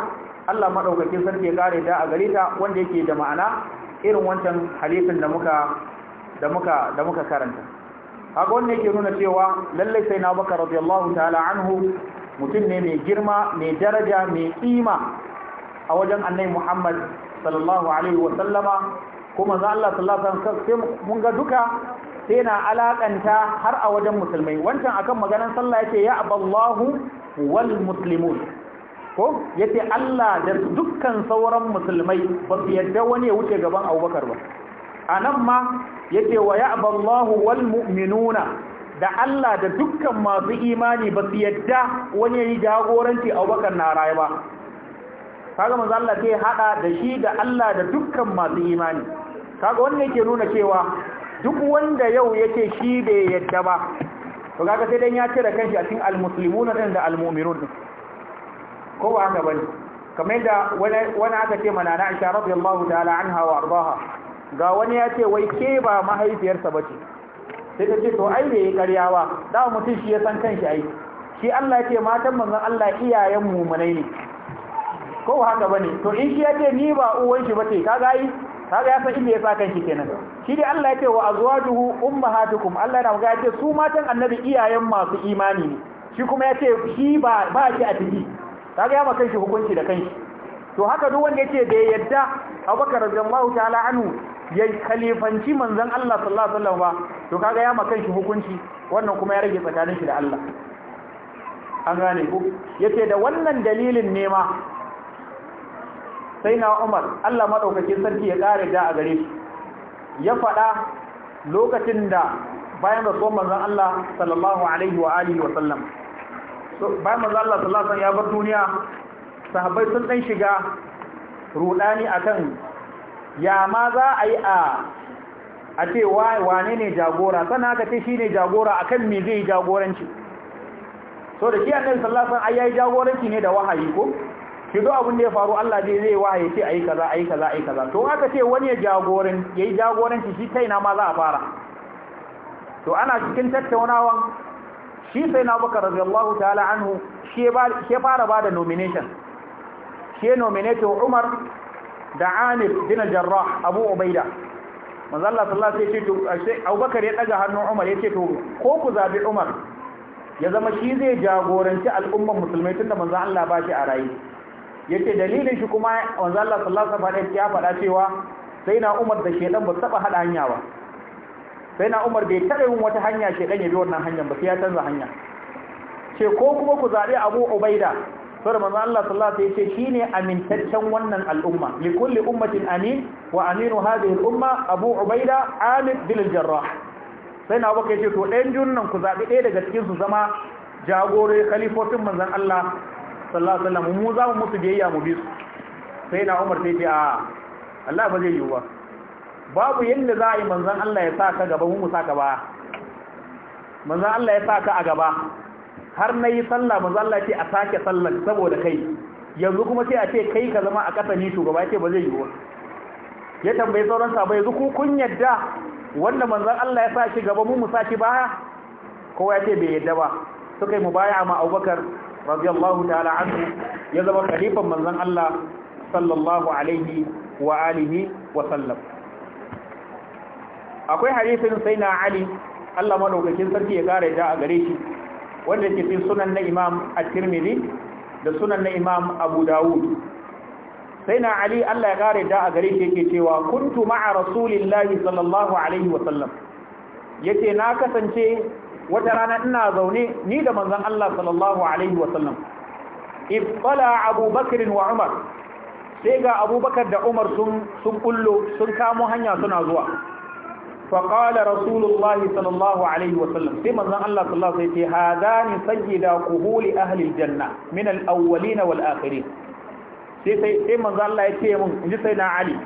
Allah madaukakin sarki ya kare da a gare wanda yake da ma'ana irin wancan halifin da muka karanta haka wannan yake nuna cewa lallai sai na bakar radiyallahu ta'ala anhu mutum ne mai girma mai daraja mai kima a wajen annabi Muhammad sallallahu alaihi wa sallama kuma za Allah sallallahu sallam mun ga duka sai na alakanta har a wajen musulmai wancan akan maganar sallah yake ya aballahu wal muslimun ko yace Allah da dukkan sauran musulmai ba su yadda wani ya wuce gaban Abubakar ba anan ma yace wa ya Allahu wal mu'minuna da Allah da dukkan masu imani ba su yadda wani ya yi jagoranci Abubakar na rayu ba kaga manzo Allah ke hada da shi da Allah da dukkan masu imani kaga wannan yake nuna cewa duk wanda yau yake shi bai yadda ba to kaga sai dan ya cire kanshi a cikin almuslimuna din da almu'minun ko ba haka bane kamar da wani aka ce mana na Aisha radiyallahu ta'ala anha wa ardaha ga wani ya ce wai ke ba mahaifiyarsa bace sai ta ce to ai da yayi karyawa da mutum shi ya san kanshi ai shi Allah ya ce matan manzon Allah iyayen mu munai ne ko haka bane to in shi ya ce ni ba uwan shi bace kaga ai kaga ya san inda ya sa kanshi kenan shi dai Allah ya ce wa azwajuhu ummahatukum Allah ya ga ya ce su matan annabi iyayen masu imani ne shi kuma ya ce shi ba ba shi a ciki kaga ya ma kanshi hukunci da kanshi to haka duk wanda yake da yadda Abubakar radiyallahu ta'ala anhu ya khalifanci manzon Allah sallallahu alaihi wasallam to kaga ya ma kanshi hukunci wannan kuma ya rage tsakanin shi da Allah an gane ku yace da wannan dalilin ne ma sai na Umar Allah madaukakin sarki ya kare da a gare shi ya fada lokacin da bayan so manzon Allah sallallahu alaihi wa alihi wa sallam bayan maza Allah ya bar duniya sahabbai sun ɗan shiga rudani akan ya ma za a yi a ce wane ne jagora sannan ka ce ne jagora akan me zai jagoranci so da shi a sallallahu alaihi ya yi jagoranci ne da wahayi ko ki zo abin da ya faru Allah dai zai wahayi ce ai kaza yi kaza yi kaza to aka ce wani ya jagoran yi jagoranci shi na ma za a fara to ana cikin tattaunawan shi sai na baka radiyallahu ta'ala anhu shi fara ba da nomination shi nominato umar da amir bin jarrah abu obaida manzo sallallahu alaihi abubakar ya daga hannun umar ya ce to ko ku zabi umar ya zama shi zai jagoranci al'ummar musulmai tunda manzo Allah ba shi a rayi yace dalilin shi kuma manzo Allah sallallahu alaihi wasallam ya faɗa cewa sai na umar da shedan ba taba haɗa hanya ba sai na umar bai taɓa yin wata hanya ke ya bi wannan hanyar ba sai ya canza hanya ce ko kuma ku zaɓi abu ubaida sauran manzan Allah sallallahu alaihi wasallam shine amintaccen wannan al'umma li kulli ummatin amin wa aminu hadhihi al'umma abu ubaida Amin bil jarrah sai na baka ce to ɗayan junnan ku zaɓi ɗaya daga cikin su zama jagore khalifofin manzon Allah sallallahu alaihi wasallam mu za mu musu biyayya mu bi su sai na Umar sai ce a Allah ba zai yi ba babu yadda za a yi manzan Allah ya sa ka gaba mu sa ka ba manzan Allah ya sa ka a gaba har na yi sallah manzan Allah ce a sake sallar saboda kai yanzu kuma sai a ce kai ka zama a ƙasa ni shugaba ce ba zai yi ba ya tambayi sauran sabai yanzu kun yadda wanda manzan Allah ya sa shi gaba mun mu sa shi baya kowa ya ce bai yadda ba suka yi mubaya'a ma Abubakar radiyallahu ta'ala anhu ya zama khalifan manzan Allah sallallahu alaihi wa alihi wa sallam akwai hadisin sai na ali Allah madaukakin sarki ya kare da a gare shi wanda ke cikin sunan na Imam At-Tirmidhi da sunan na Imam Abu Dawud sai na Ali Allah ya kare da a gare shi yake cewa kuntu ma'a rasulillahi sallallahu alaihi wa sallam yace na kasance wata rana ina zaune ni da manzon Allah sallallahu alaihi wa sallam ibtala Abu Bakr wa Umar sai ga Abubakar da Umar sun sun kullo sun kamo hanya suna zuwa فقال رسول الله صلى الله عليه وسلم في من الله صلى الله عليه وسلم هذان سيدا قبول أهل الجنة من الأولين والآخرين sai manzo Allah ya ce mun inji sai na Ali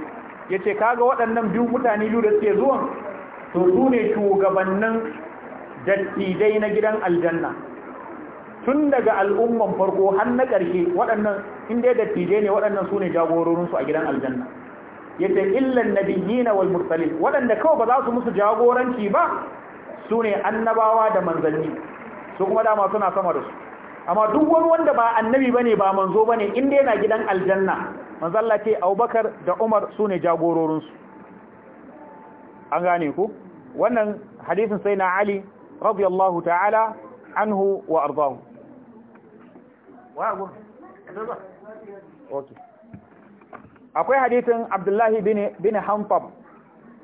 yace kaga waɗannan biyu mutane biyu da suke zuwan to su ne shugabannin dattijai na gidan aljanna tun daga al'umman farko har na ƙarshe waɗannan inda dattijai ne waɗannan su ne jagororinsu a gidan aljanna yace illan nabiyina wal mursalin wadanda kawai ba za su musu jagoranci ba sune annabawa da manzanni su kuma dama suna sama da su amma duk wani wanda ba annabi bane ba manzo bane inda yana gidan aljanna manzo Allah ce Abubakar da Umar sune jagororin su an gane ku wannan hadisin sai na Ali radiyallahu ta'ala anhu wa ardahu okay akwai hadisin abdullahi bin hanfam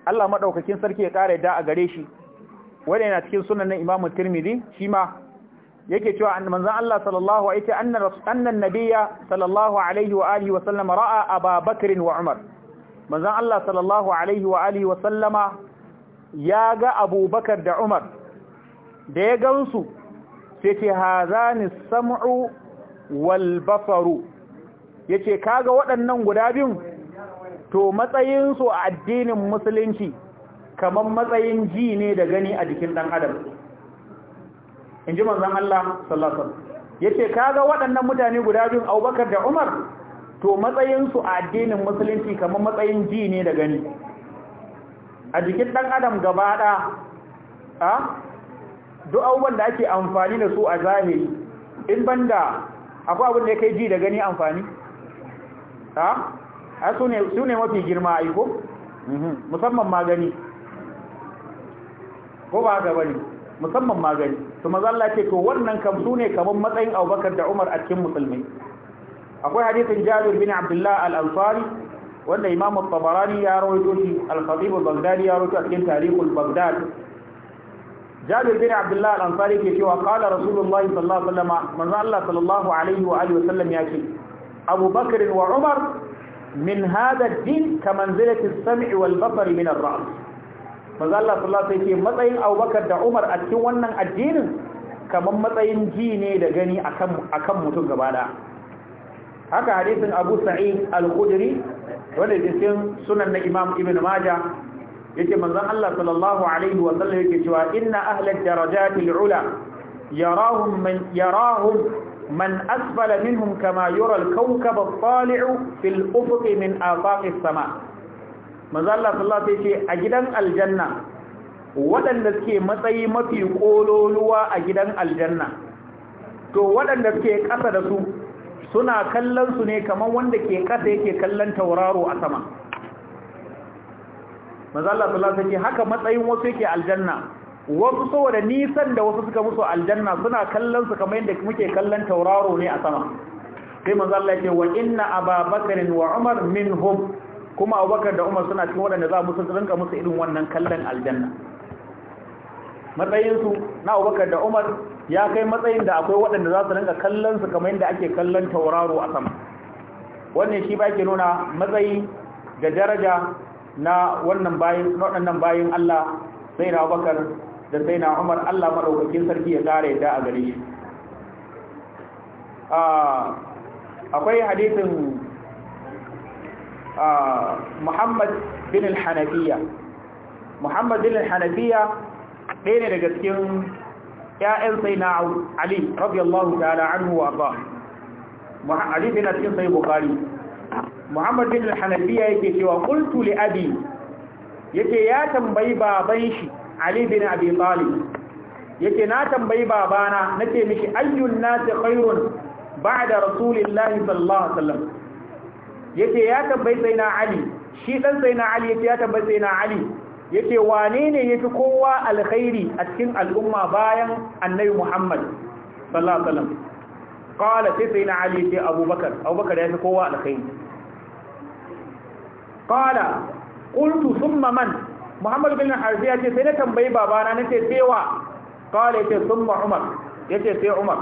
Allah maɗaukakin sarki ya ƙara yadda a gare shi wanda yana cikin sunan na imamu tirmidhi shi ma yake cewa manzon Allah sallallahu alaihi anna annan nabiya sallallahu alaihi wa alihi wa sallama ra'a Abubakar wa Umar manzan Allah sallallahu alaihi wa alihi wa ya ga Abubakar da Umar da ya gansu sai ce ni sam'u wal basaru ya ce kaga waɗannan guda biyun to matsayinsu a addinin musulunci kamar matsayin ji ne da gani a jikin ɗan adam in ji manzan Allah sallasar ya ce kaga waɗannan mutane guda biyun abubakar da umar to matsayinsu a addinin musulunci kamar matsayin ji ne da gani a jikin ɗan adam gaba ɗa a duk abubuwan da ake amfani da su a zahiri in banda akwai abin da ya kai ji da gani amfani ha a su ne mafi girma aiko mhm. musamman magani ko ba ga bane musamman magani to maza Allah ce to wannan kam su ne kaman matsayin Abubakar da Umar a cikin musulmi. akwai hadisin Jabir bin Abdullah al-Ansari wanda Imam al-Tabarani ya rawaito shi al-Khatib al-Baghdadi ya rawaito a cikin Tarikh al-Baghdad Jabir bin Abdullah al-Ansari ke cewa qala Rasulullahi sallallahu alaihi wa Sallam manzo Allah sallallahu alaihi wa alihi wasallam ya ce أبو بكر وعمر من هذا الدين كمنزلة السمع والبصر من الرأس maza Allah sallallahu alaihi wasallam matsayin Abubakar da Umar a cikin wannan addinin kaman matsayin ji ne da gani akan akan mutum gaba da haka hadisin Abu Sa'id Al-Khudri wanda cikin sunan na Imam Ibn Majah yake manzon Allah sallallahu alaihi wasallam yake cewa inna ahla darajati al-ula yarahum man yarahum من أسفل منهم كما يرى الكوكب الطالع في الأفق من آفاق السماء مزالة صلى الله عليه وسلم أجدا الجنة waɗanda suke matsayi mafi ƙololuwa a gidan aljanna to waɗanda suke ƙasa da su suna kallon ne kamar wanda ke ƙasa yake kallon tauraro a sama mazalla sallallahu alaihi haka matsayin wasu yake aljanna wasu saboda nisan da wasu suka musu aljanna suna kallon su kamar yadda muke kallon tauraro ne a sama sai manzo Allah ce wa inna ababakar wa umar minhum kuma abubakar da umar suna cikin waɗanda za musu rinka musu irin wannan kallon aljanna matsayin su na abubakar da umar ya kai matsayin da akwai waɗanda za su rinka kallon su kamar yadda ake kallon tauraro a sama wannan shi ba ke nuna matsayi ga daraja na wannan bayin wannan bayin Allah sai na abubakar da sai na umar allah maɗaukakin sarki ya ƙara yadda a gare shi ah, akwai hadisin ah, muhammad bin al-hanafiya muhammad bin al-hanafiya ɗaya ne daga cikin ‘ya'yan sai na ali radiyallahu ta'ala anhu wa ba ali bin cikin sai bukari muhammad bin al-hanafiya yake cewa kultu li abi yake ya tambayi baban shi ali bin abi talib yake na tambayi babana nace miki ayyun nasi khairun ba'da rasulillahi sallallahu alaihi wasallam yake ya tambayi sayna ali shi dan sayna ali yake ya tambayi sayna ali yake wane ne yafi kowa alkhairi a cikin al'umma bayan annabi muhammad sallallahu alaihi wasallam qala sayna ali yake abubakar abubakar yafi kowa alkhairi qala qultu thumma man muhammad bin harfi ya ce sai na tambayi babana na ce sewa kawai ya ce sun umar ya ce sai umar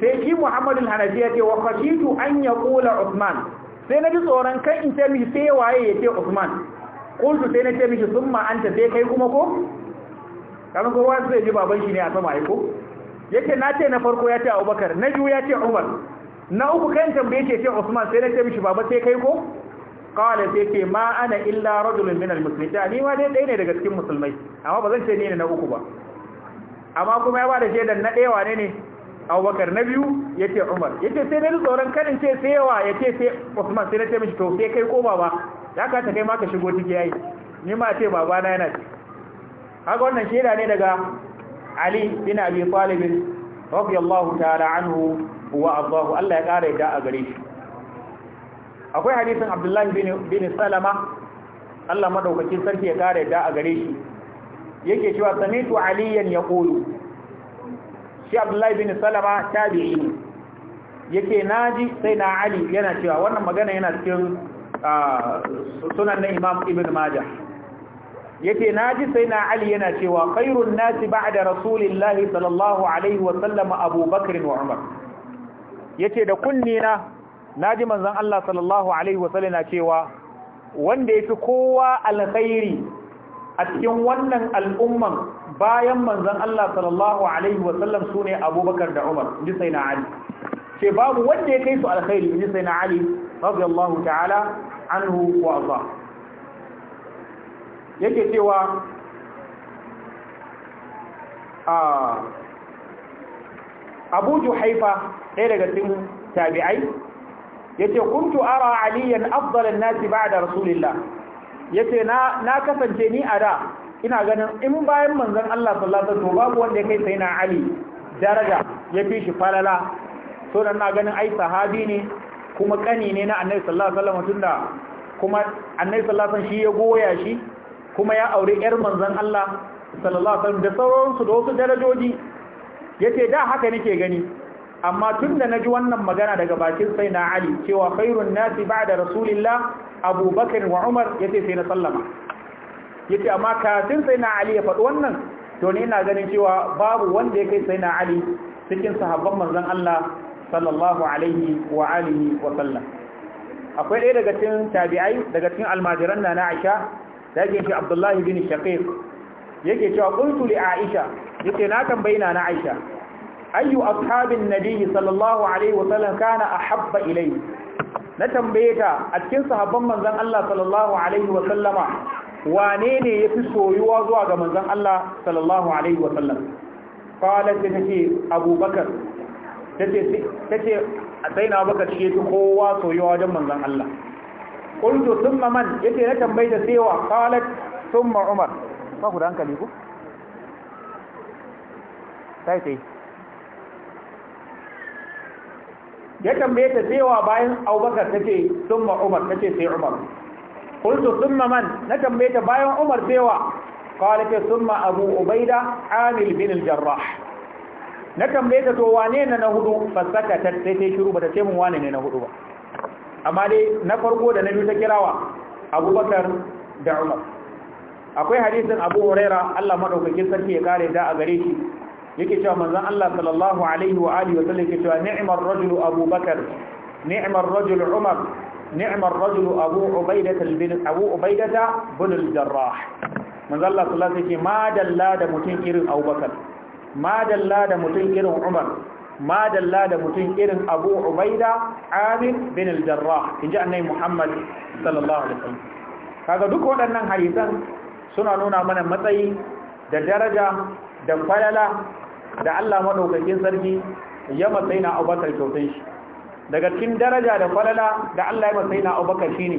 sai shi Muhammadu hanafi ya ce wa fashitu an ya kula usman sai na ji tsoron kan in ce mishi sai waye ya ce usman kultu sai na ce mishi sun ma'anta sai kai kuma ko kamar kowa zai ji baban shi ne a sama aiko ce na ce na farko ya ce abubakar na biyu ya ce umar na uku kan tambaye ke ce usman sai na ce mishi baba sai kai ko qala sai ke ma ana illa rajulun min ta ni ma dai ne daga cikin musulmai amma ba zan ce ni ne na uku ba amma kuma ya ba da shaidan na ɗaya wane ne abubakar na biyu ya ce umar ya ce sai na tsoron kanin ce sai yawa ya ce sai usman sai na ce mishi to sai kai ko ba ya kata kai ma ka shigo ciki yayi ni ma ce baba na yana ce haka wannan shaida ne daga ali bin abi talib radiyallahu ta'ala anhu wa Allah ya kare da a gare shi akwai hadisin abdullahi bin salama Allah madaukakin sarki ya kare da a gare shi yake cewa samitu aliyan ya koyo. shi abdullahi bin salama tabi'i ne yake naji sai na ali yana cewa wannan magana yana cikin sunan na imam ibn majah yake naji sai na ali yana cewa khairun nasi da rasulillahi sallallahu alaihi wa sallam abubakar wa umar yace da kunnina naji manzon Allah sallallahu alaihi wasallam na cewa wanda yafi kowa alkhairi a cikin wannan al'umman bayan manzon Allah sallallahu alaihi wasallam sune Abubakar da Umar inji sayyidina Ali ce babu wanda ya kai su alkhairi inji sayyidina Ali radiyallahu ta'ala anhu wa yake cewa a ah, Abu Juhaifa ɗaya daga cikin tabi'ai yace kuntu ara aliyan afdalan nasi ba'da rasulillah yace na na kasance ni a da ina ganin in bayan manzon Allah sallallahu alaihi wasallam babu wanda kai sai na ali daraja ya fi shi falala to dan na ganin ai sahabi ne kuma kani ne na annabi sallallahu alaihi wasallam tunda kuma annabi sallallahu alaihi wasallam shi ya goya shi kuma ya aure yar manzon Allah sallallahu alaihi wasallam da sauransu da wasu darajoji yace da haka nake gani amma tun da na ji wannan magana daga bakin sai na Ali cewa khairun nasi da rasulillah Abu Bakar wa Umar yace sai na sallama yace amma kafin sai na Ali ya faɗi wannan to ne ina ganin cewa babu wanda ya kai sai na Ali cikin sahabban manzan Allah sallallahu alaihi wa alihi wa sallam akwai ɗaya daga cikin tabi'ai daga cikin almajiran na Aisha da yake shi Abdullahi bin Shaqiq yake cewa qultu li Aisha yace na tambayi na Aisha ayyu ashabin nabiyyi sallallahu alaihi wasallam kana ahabba ilayhi na tambaye a cikin sahabban manzon Allah sallallahu alaihi wasallama wane ne yafi soyuwa zuwa ga manzon Allah sallallahu alaihi wasallam qala ta ce abubakar tace tace sai na baka ce ta soyuwa wajen manzon Allah qultu thumma man yace na tambaye ta sai wa qalat umar ya tambaye ta cewa bayan abubakar ta ce sun ma umar ta ce sai umar kultu sun ma man na tambaye ta bayan umar cewa kawai ta sun abu ubaida amil bin jarrah na tambaye ta to wane na na hudu fasaka ta sai ta shiru ba ta ce mun wane ne na hudu ba amma dai na farko da na biyu ta kirawa abubakar da umar akwai hadisin abu huraira allah maɗaukakin sarki ya kare da a gare shi yake cewa manzon Allah sallallahu alaihi wa alihi wa sallam yake cewa ni'mar rajulu Abu Bakar ni'mar rajulu Umar ni'mar rajulu Abu Ubaidah bin Abu Ubaidah bin al-Jarrah manzon Allah sallallahu alaihi ma dalla da mutum irin Abu Bakar ma dalla da mutum irin Umar ma dalla da mutum irin Abu Ubaidah Amir bin al-Jarrah inji annabi Muhammad sallallahu alaihi sallam. kaga duk waɗannan hadisan suna nuna mana matsayi da daraja da falala da Allah madaukakin sarki ya matsayi na abubakar kyautai shi daga cikin daraja da falala da Allah ya matsayi na abubakar shi ne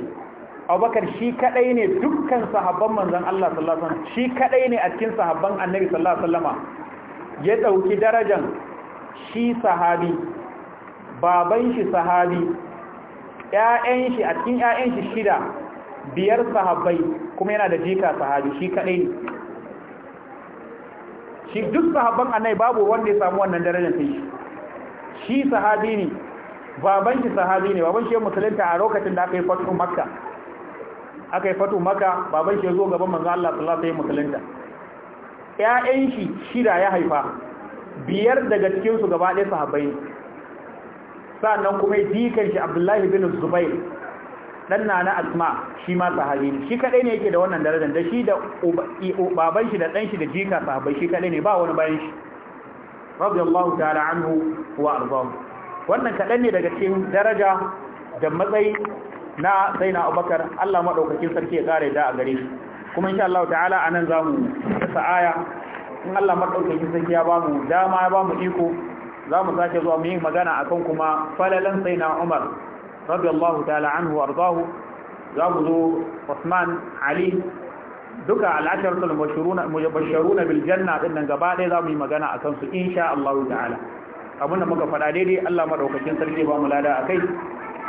abubakar shi kadai ne dukkan sahabban manzan Allah sallallahu alaihi wasallam shi kadai ne a cikin sahabban annabi sallallahu alaihi wasallama ya dauki darajan shi sahabi baban shi sahabi ƴaƴan shi a cikin ƴaƴan shi shida biyar sahabbai kuma yana da jika sahabi shi kadai ne shi duk sahabban annai babu wanda ya samu wannan darajar sai shi shi sahabi ne baban shi sahabi ne baban shi ya musulunta a lokacin da aka yi fatu makka aka yi fatu makka baban shi ya zo gaban manzo Allah sallallahu alaihi wasallam musulunta ƴaƴan shi shida ya haifa biyar daga cikin su gaba ɗaya sahabbai sannan kuma dikan shi Abdullahi bin Zubair dan nana asma shi ma sahabi ne shi kadai ne yake da wannan darajar da shi da baban shi da dan shi da jika sahabai shi kadai ne ba wani bayan shi radiyallahu ta'ala anhu wa arzahu wannan kadan ne daga cikin daraja da matsayi na zaina abubakar Allah madaukakin sarki ya kare da a gare shi kuma insha Allah ta'ala anan zamu sa aya in Allah madaukakin sarki ya bamu dama ya bamu iko zamu sake zuwa mu yi magana akan kuma falalan Saina Umar radiyallahu ta'ala anhu ardahu za mu zo Usman Ali duka al'asharatul mubashshiruna bil janna din nan gaba ɗaya za mu yi magana akan su insha Allah ta'ala abinda muka faɗa daidai Allah madaukakin sarki ba mu lada akai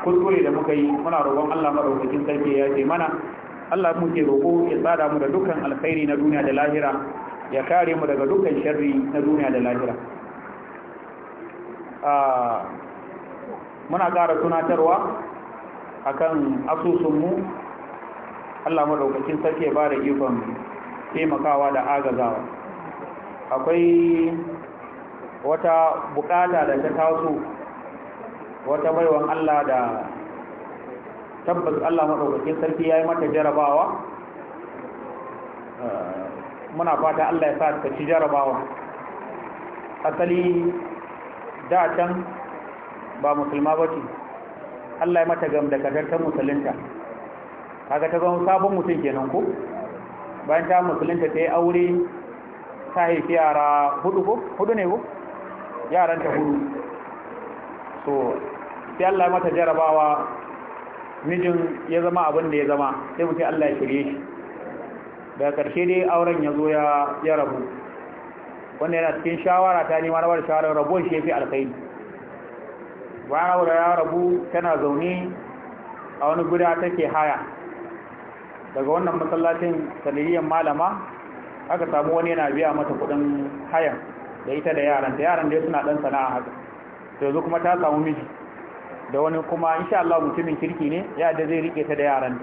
kuskure da muka yi muna roƙon Allah madaukakin sarki ya ce mana Allah muke roƙo ya tsada mu da dukkan alkhairi na duniya da lahira ya kare mu daga dukan sharri na duniya da lahira ah, muna ƙara tunatarwa akan asusunmu Allah maɗaukacin sarki ya ba da ikon taimakawa da agazawa akwai wata bukata da ta taso wata baiwan Allah da tabbas Allah maɗaukacin sarki ya yi mata jarabawa eh, muna fata Allah ya sa ta ci jarabawa asali da can ba musulma ba ce Allah ya mata gam da ta musulunta kaga ta zama sabon mutum kenan ko bayan ta musulunta ta yi aure ta haifi yara hudu ko hudu ne ko yaran ta hudu so sai Allah ya mata jarabawa mijin ya zama abin da ya zama sai mutum Allah ya shirye shi daga ƙarshe dai auren ya zo ya rabu wanda yana cikin shawara ta nema rawar shawarar rabuwar shi ya fi alkhairi wa'aura ya rabu tana zaune a wani guda take haya daga wannan masallacin sanadiyyar malama aka samu wani yana biya mata kudin hayan da ita da yaran da yaran dai suna dan sana'a haka to yanzu kuma ta samu miji da wani kuma insha Allah mutumin kirki ne ya da zai rike ta da yaran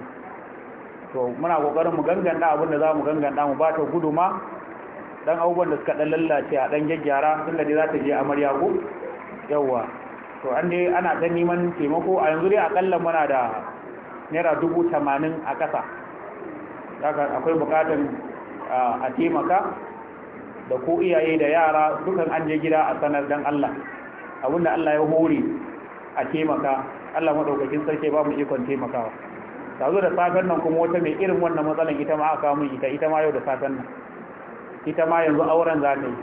to muna kokarin mu ganganta abin da za mu ganganta mu ba ta guduma dan abubuwan da suka dan lallace a dan gaggyara tunda dai za ta je amarya ko yawwa to an dai ana ta neman taimako a yanzu dai akalla muna da naira dubu tamanin a ƙasa daga akwai buƙatar a taimaka da ko iyaye da yara dukan an je gida a sanar dan Allah abinda Allah ya hore a taimaka Allah maɗaukakin sarki ba mu ikon taimakawa ta zo da safen nan kuma wata mai irin wannan matsalan ita ma aka mun ita ita ma yau da safen nan ita ma yanzu auren za ta yi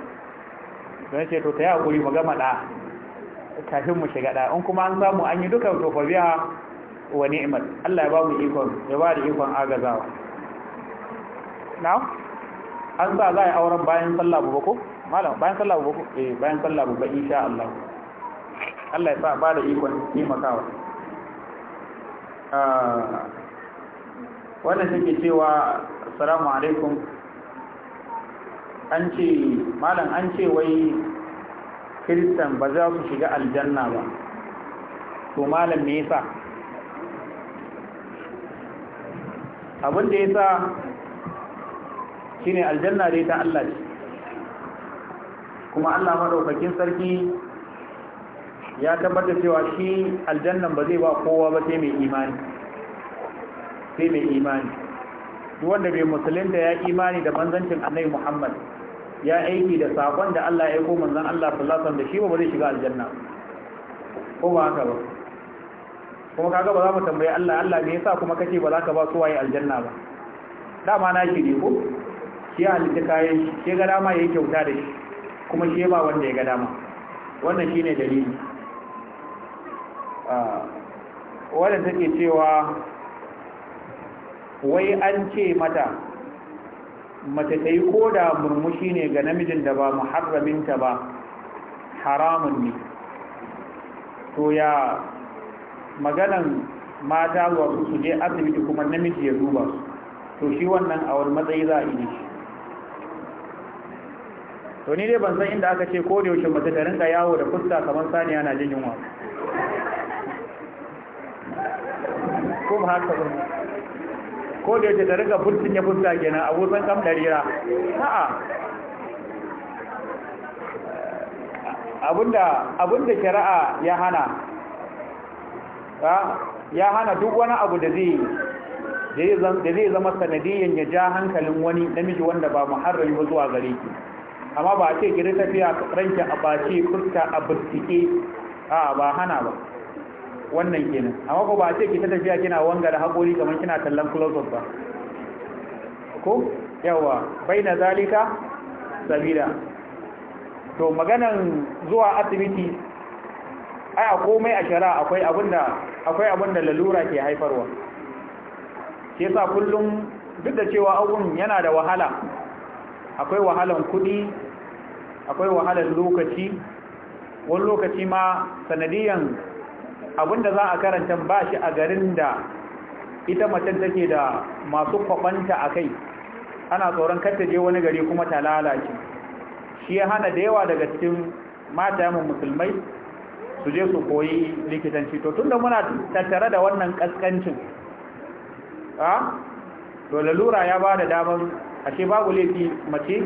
don ce to ta yi hakuri mu gama ɗa kafin mu shiga ɗaya in kuma an samu an yi duka to fabiya wa ni'mat Allah ya ba mu ikon ya ba da ikon agazawa na an sa za a yi auren bayan sallah bu bako malam bayan sallah bu bako eh bayan sallah bu ba insha Allah Allah ya sa ba da ikon taimakawa ah, wannan take cewa assalamu alaikum an ce malam an ce wai kiristan ba za su shiga aljanna ba to malam me yasa abin da yasa shine aljanna dai ta Allah ce kuma Allah madaukakin sarki ya tabbata cewa shi aljannan ba zai ba kowa ba sai mai imani sai mai imani wanda bai musulunta ya imani da manzancin annabi Muhammad ya aiki da sakon da Allah ya koma zan Allah sallallahu alaihi wasallam da shi ba zai shiga aljanna ko ba haka ba kuma kaga ba za mu tambayi Allah Allah me yasa kuma kace ba za ka ba su waye aljanna ba dama na shi ne ko shi ya halitta kayan shi shi ga dama yayi kyauta da shi kuma shi ba wanda ya ga dama wannan shine dalili ah, wadda take cewa wai an ce mata mace ta yi ko da murmushi ne ga namijin da ba muharraminta ba haramun ne to ya maganan mata wa su je asibiti kuma namiji ya duba to shi wannan a wani matsayi za a yi shi to ni dai ban san inda aka ce ko da yaushe mace ta rinka yawo da fuska kamar saniya na jin yunwa ko ba haka ba ko da yake da riga furtin ya fuska kenan a wutan kam darira a'a abinda abinda shari'a ya hana ya hana duk wani abu da zai da zai zama sanadiyyar ya ja hankalin wani namiji wanda ba muharrami ba zuwa gare ki amma ba a ce ki tafiya ranke a bace fuska a burtike a ba hana ba wannan kenan amma ko ba a ce tafiya kina wanga da haƙori kamar kina tallan close ba ko yawa baina zalika sabira to maganan zuwa asibiti ai a komai a shara akwai abinda akwai abinda lalura ke haifarwa ke sa kullum duk da cewa abun yana da wahala akwai wahalan kudi akwai wahalan lokaci wani lokaci ma sanadiyan da za a karanta ba shi a garin da ita macen take da masu kwabanta a kai ana tsoron kata je wani gari kuma ta lalace shi ya hana da yawa daga cikin mata musulmai su je su koyi likitanci to tunda muna tattare da wannan kaskancin a to lalura ya ba da damar ashe babu laifi mace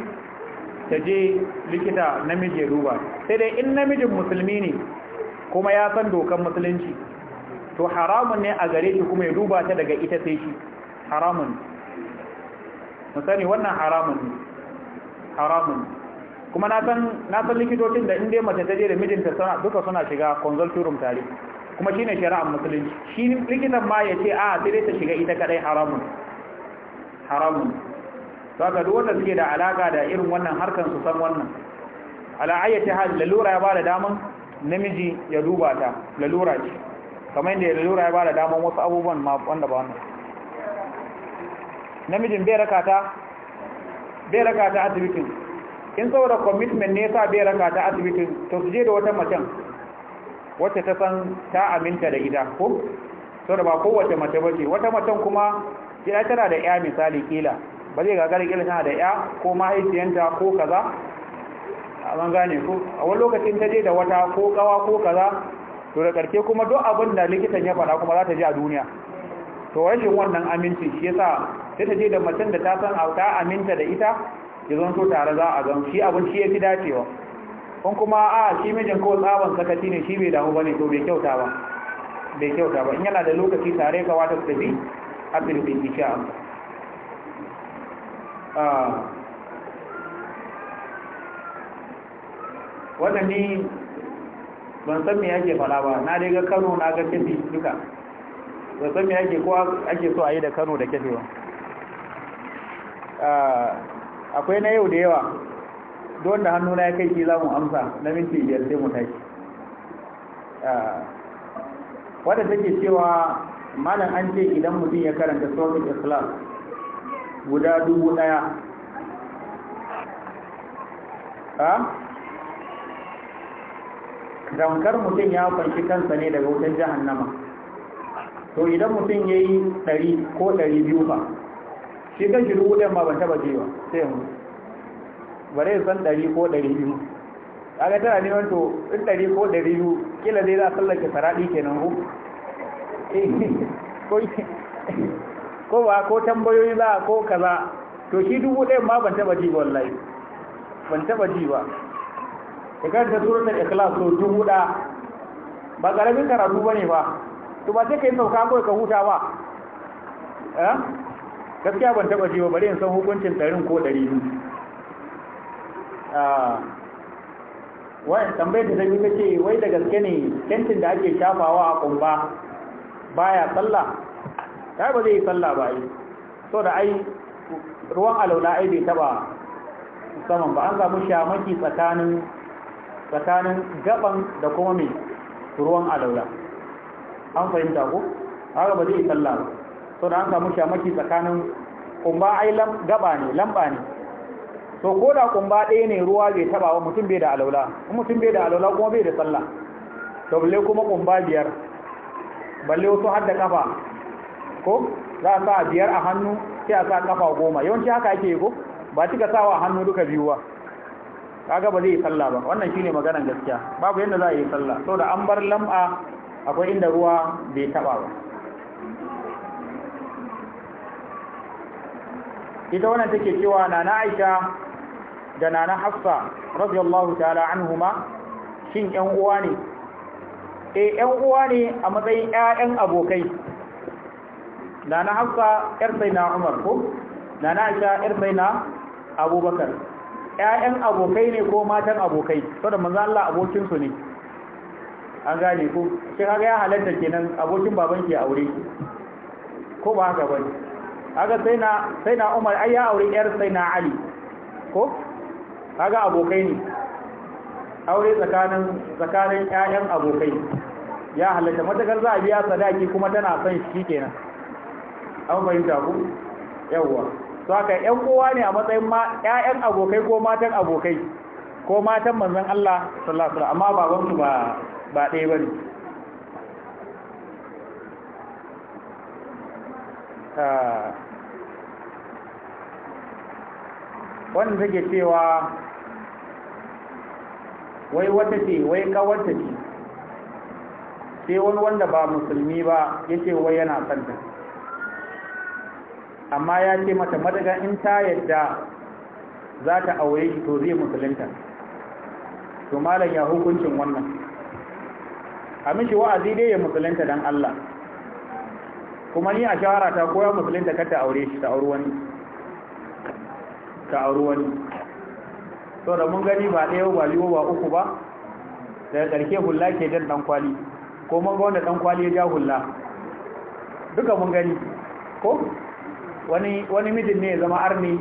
ta je likita namiji ruba sai dai in namijin musulmi ne kuma ya san dokan musulunci to haramun ne a gare shi kuma ya duba ta daga ita sai shi haramun mu sani wannan haramun haramun kuma na san na san likitocin da inda mace ta je da mijinta duka suna shiga consulting room tare kuma shine shari'ar musulunci shi likitan ma ya ce a sai dai ta shiga ita kadai haramun haramun to haka duk wanda suke da alaka da irin wannan harkan su san wannan ala ayyati hal lalura ya bada daman namiji ya duba ta lalura ce kamar yadda lalura ya ba da damar wasu abubuwan ma wanda ba wannan namijin bai raka ta bai raka ta asibitin in saboda commitment ne sa bai raka ta asibitin to su je da wata macen wacce ta san ta aminta da ita ko da ba kowace mace ba ce wata macen kuma ita tana da ya misali kila ba zai gagarin kila tana da ya ko mahaifiyanta ko kaza an gane ko a wani lokacin ta je da wata ko kawa ko kaza to da karke kuma duk abin da likitan ya faɗa kuma za ta je a duniya to rashin wannan aminci shi yasa sai ta je da macen da ta san ta aminta da ita ya to tare za a gan shi abin shi ya fi dacewa kun kuma a shi mijin ko tsaban sakaci ne shi bai damu bane to bai kyauta ba bai kyauta ba in yana da lokaci tare ka wata tafi a filifin isha wannan ni ban san me yake fara ba na dai ga Kano na ga Kefi duka ban san me yake ko ake so a yi da Kano da Kefi ba ah, akwai na yau da yawa don da hannu na ya kai ki za mu amsa na minti biyar sai mu tashi ah, wadda take cewa malam an ce idan mutum ya karanta sauran islam guda dubu daya ah? tamkar mutum ya fanshi kansa ne daga wutar jahannama to idan mutum ya yi ɗari ko ɗari biyu ba shi kan shi dubu ɗan ma ban taɓa jewa ba sai mu zai san ɗari ko ɗari biyu kaga tana neman to in ɗari ko ɗari biyu kila zai za a tsallake faraɗi kenan ko (laughs) ko ba ko tambayoyi za ko kaza to shi dubu ɗaya ma ban taba ji wallahi ban taba ji ba ka ta suratul ikhlas so dubu ba garabin karatu bane ba to ba sai kai sauka kawai ka huta ba eh gaskiya ban taba jiwa bari in san hukuncin tarin ko ɗari ne ah. wai tambayar da zai kace wai da gaske ne kentin da ake shafawa a kumba baya sallah kai ba zai sallah ba yi so da ai ruwan alaula ai bai taba saman ba an samu shamaki tsakanin tsakanin gaban da kuma mai ruwan alaula an fahimta ko haka ba zai sallah ba so da an samu shamaki tsakanin kumba ai gaba ne lamba ne so ko da kumba ɗaya ne ruwa zai taba wa mutum bai da alaula kuma mutum bai da alaula kuma bai da sallah to balle kuma kumba biyar balle wasu har da kafa ko za a sa biyar a hannu sai a sa kafa goma yawanci haka ake yi ko ba cika sawa hannu duka biyu ba kaga ba zai yi sallah ba wannan shine maganar gaskiya babu yadda za a yi sallah da an bar lam'a akwai inda ruwa bai taba ba ita wannan take cewa nana Aisha da nana Hafsa radiyallahu ta'ala anhuma shin yan uwa ne eh yan uwa ne a matsayin ƴaƴan abokai nana Hafsa ƴar na Umar ko nana Aisha ƴar na Abubakar ƴaƴan abokai ne ko matan abokai saboda manzo Allah abokin su ne an gane ko shi kaga ya halatta kenan abokin baban ki aure ko ba haka bane haka sai na sai na Umar ai ya aure yar sai na Ali ko kaga abokai ne aure tsakanin tsakanin ƴaƴan abokai ya halatta matakar za a biya sadaki kuma tana son shi kenan an fahimta ku yawwa to haka ƴan kowa ne a matsayin ma ƴaƴan abokai ko matan abokai ko matan manzon Allah sallallahu alaihi wasallam amma baban su ba ba ɗaya bane wannan take cewa wai wata ce wai kawarta ce sai wani wanda ba musulmi ba yace wai yana santa amma ya ce mata madaga in ta yadda za ta aure shi to zai musulunta to malam ya hukuncin wannan a mishi wa'azi dai ya musulunta dan Allah kuma ni a shawara ta koya musulunta kar ta aure shi ta auri wani ta auri wani to da mun gani ba ɗaya ba biyu ba uku ba daga ƙarshe hulla ke jan dan kwali ko mun ga wanda dan kwali ya ja hulla duka mun gani ko wani wani mijin ne ya zama arni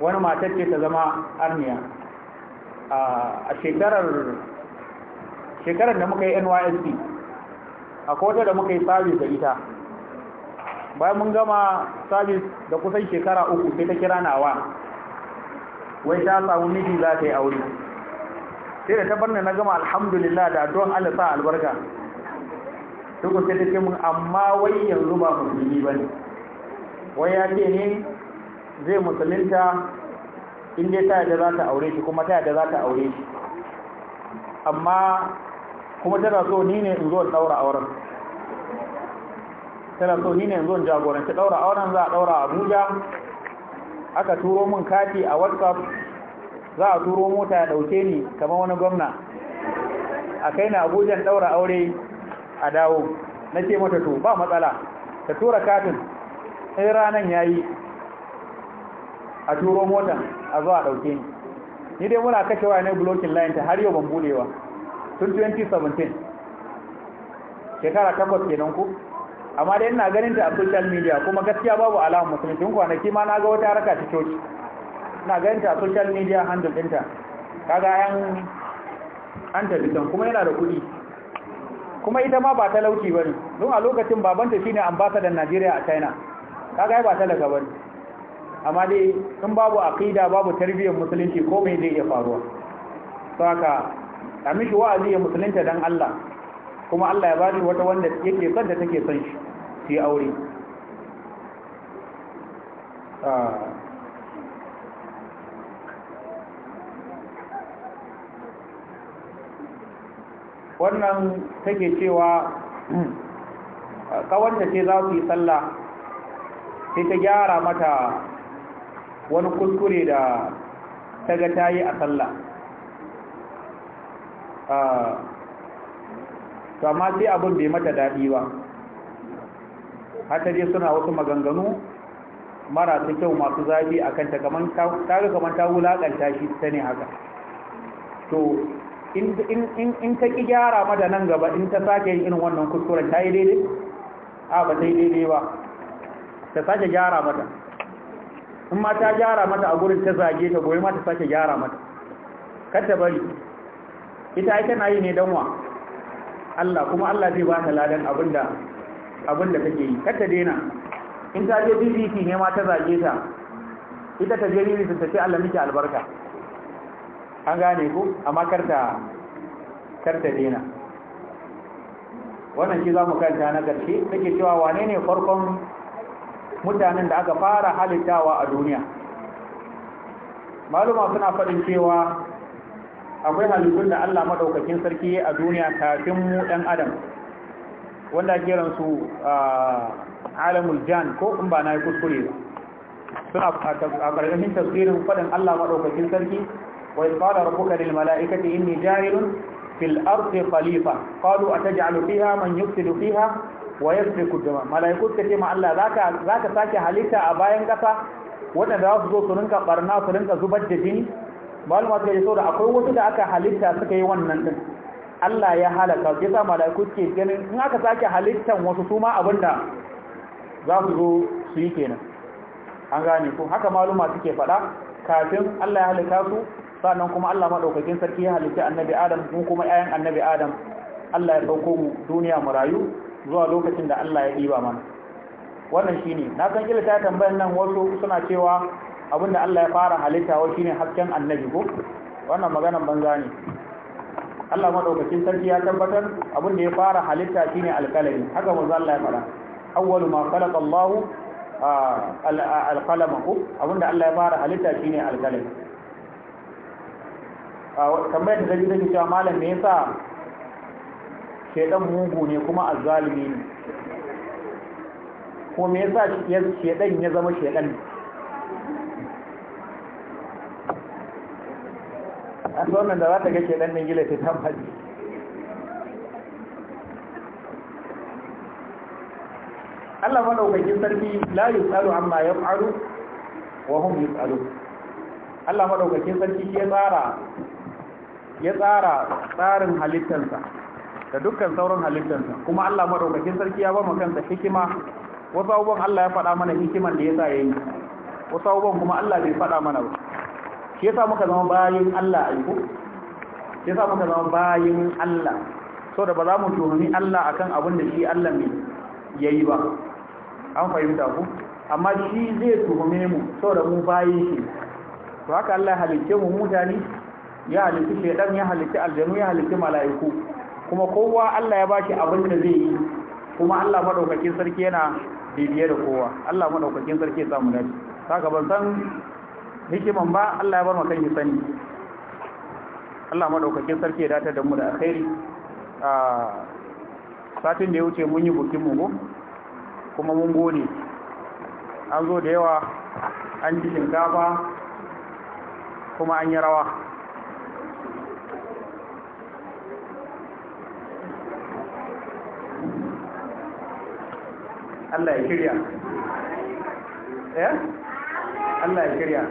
wani matar ta zama arniya a shekarar da muka yi NYSC a kota da muka yi sabis da ita bayan mun gama sabis da kusan shekara uku sai ta kira nawa wai ta samu miji za ta yi aure sai da ta na gama alhamdulillah da don Allah sa albarka duk sai ta ce mun amma wai yanzu ba musulmi ne. wai ya ce ne zai musulunta in dai ta yadda za ta aure shi kuma ta yadda za ta aure shi amma kuma tana so ni ne in zo in daura auren tana so ni ne in zo in jagoranci daura auren za a daura abuja aka turo min kati a whatsapp za a turo mota ya dauke ni kamar wani gwamna a kai na abuja daura aure a dawo na ce mata to ba matsala ta tura katin sai ranan yayi a turo mota a zuwa dauke ni ni dai muna kashewa ne blocking line ta har yau ban bulewa tun 2017 shekara takwas kenan ku amma dai ina ganin ta a social media kuma gaskiya babu alamun musulunci kwanaki ma na ga wata haraka ta coci ina ganin ta a social media handle ɗinta kaga yan an tafi can kuma yana da kuɗi kuma ita ma ba talauci ba ne don a lokacin babanta shine ambasadan najeriya a china kaga ba ta daga bane amma dai in babu aqida babu tarbiyyar musulunci komai zai iya faruwa saka a miki wa'azi ya musulunta dan Allah kuma Allah ya bani wata wanda yake son da take son shi sai aure ah. wannan take cewa kawanta ce za su yi sallah sai ta gyara mata wani kuskure da ta ga ta yi a sallah ah, to amma sai abin bai mata daɗi ba hata dai suna wasu maganganu marasa kyau masu zafi a kanta kamar ta kamar ta wulaƙanta shi ta ne haka to in ta ƙi gyara mata nan gaba in ta sake yin irin wannan kuskuren ta yi daidai a ba ta yi daidai ba ta sake gyara mata in ma ta gyara mata a gurin ta zage ta goyi ma ta sake gyara mata kar ta bari ita ai tana yi ne danwa Allah kuma Allah zai ba ta ladan abinda abinda take yi kar ta daina in ta je BBC ne ma ta zage ta ita ta je BBC ta ce Allah miki albarka an gane ko amma kar ta kar ta daina wannan shi za mu kanta na ƙarshe take cewa wane ne farkon mutanen da aka fara halittawa a duniya maluma suna faɗin cewa akwai halittun da Allah maɗaukakin sarki a duniya kafin mu ɗan adam wanda kiran su alamul jan ko in ba na yi kuskure ba suna a ƙarƙashin tasirin faɗin Allah maɗaukakin sarki wa isfara rabbuka lil mala'ikati inni jahilun fil ardi khalifa qalu ataj'alu fiha man yufsidu fiha wa yasbiku dama malaiku suka ce ma Allah zaka zaka sake halitta a bayan kasa wanda za su zo su rinka barna su rinka zubar da jini malama suka ce saboda akwai wasu da aka halitta suka yi wannan din Allah ya halaka ya sa malaiku suke ganin in aka sake halittan wasu su ma abinda za su zo su yi kenan an gane ko haka maluma suke faɗa kafin Allah ya halaka su sannan kuma Allah maɗaukakin sarki ya halitta annabi Adam mu kuma 'ya'yan annabi Adam Allah ya ɗauko mu duniya mu rayu zuwa lokacin da Allah ya ɗiba mana wannan shine na san kila ta tambayar nan wasu suna cewa abinda Allah ya fara halitta wa shine hasken annabi ko wannan maganan banza ne Allah lokacin sarki ya tabbatar abinda ya fara halitta shine alqalami haka za Allah ya fara awwalu ma khalaqa Allah alqalam ko abinda Allah ya fara halitta shine alqalami tambayar da take cewa malam me yasa shedan mugu ne kuma azzalimi ne ko me yasa shedan ya zama shedan a wannan da za ta ga shedan din gila ta tambaji Allah kin sarki la yusalu amma yaf'alu wa hum yusalu Allah madaukakin sarki ya tsara ya tsara tsarin halittarsa da dukkan sauran halittarsa kuma Allah madaukakin sarki ya ba mu kansa hikima wasu abubuwan Allah ya faɗa mana hikiman da ya sa ya yi wasu abubuwan kuma Allah bai faɗa mana ba shi yasa muka zama bayin Allah aiko shi yasa muka zama bayin Allah so da ba za mu tuhumi Allah akan abin da shi Allah mai yayi ba an fahimta ku amma shi zai tuhume mu so da mu bayin shi to haka Allah ya halicce mu mutane ya halicci shedan ya halicci aljanu ya halicci mala'iku kuma kowa Allah ya bashi abin da zai yi kuma Allah madaukakin sarki yana bibiye da kowa Allah madaukakin sarki ya samu dace saka ban san hikiman ba Allah ya bar mu kanki sani Allah madaukakin sarki ya datar da mu da alheri a satin da ya wuce mun yi bukin mu kuma mun gode an zo da yawa an ji shinkafa kuma an yi rawa Allah ya kirya eh Allah ya kirya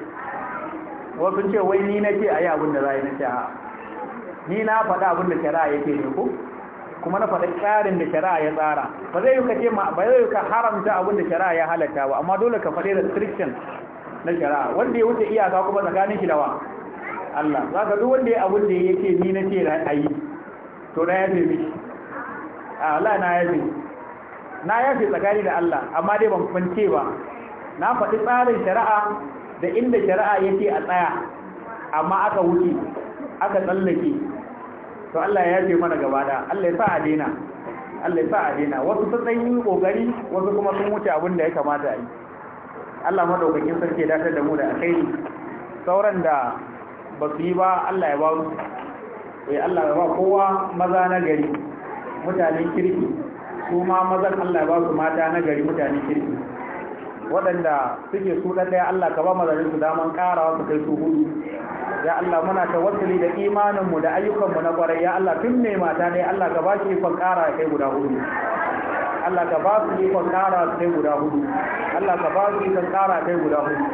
wasu ce wai ni na ce ayi abin da za yi na ni na faɗa abin da shari'a yake ne ko kuma na faɗa tsarin da shari'a ya tsara ba zai yuka ce ba zai yuka haramta abin da shari'a ya halatta ba amma dole ka faɗi restriction na shari'a wanda ya wuce iyaka kuma tsakanin shi da wa Allah za ka duk wanda ya abin da yake ni na ce na ayi to na yafe miki a Allah na yafe na yafe tsakani da Allah amma dai ban kwance ba na faɗi tsarin shari'a da inda shari'a yake a tsaya amma aka wuce aka tsallake to Allah ya yafe mana gaba da Allah ya sa a daina Allah ya sa a daina wasu sun dan kokari wasu kuma sun wuce abin da ya kamata a yi Allah madaukakin sarki ya dace da mu da akai sauran da ba su yi ba Allah ya ba su eh Allah ya ba kowa maza na gari mutanen kirki su ma mazan Allah ba su mata na gari mutane kirki waɗanda suke su ɗaya Allah ka ba mazanin su daman ƙarawa su kai su hudu ya Allah muna wasali da imaninmu da ayyukanmu na ƙwarai ya Allah tun mai mata ne Allah ka ba su ikon ƙara kai guda hudu Allah ka ba su ikon ƙara kai guda hudu Allah ka ba su ikon ƙara kai guda hudu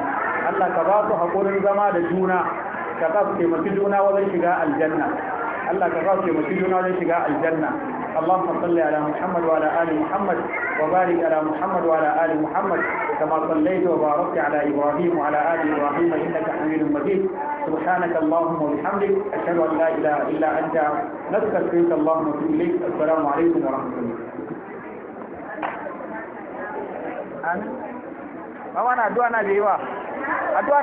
Allah ka ba su haƙurin zama da juna ka sa su taimaki juna wajen shiga aljanna Allah ka ba su taimaki juna wajen shiga aljanna اللهم صل على محمد وعلى آل محمد وبارك على محمد وعلى آل محمد كما صليت وباركت على إبراهيم وعلى آل إبراهيم إنك حميد مجيد سبحانك اللهم وبحمدك أشهد أن لا إله إلا أنت نستغفرك اللهم وأتوب إليك السلام عليكم ورحمة الله Amin. Mama na addu'a na da yawa. Addu'a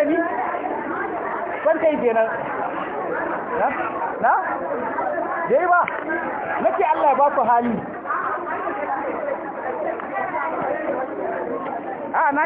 na da na yayi ba nake Allah ba ku hali a ah, na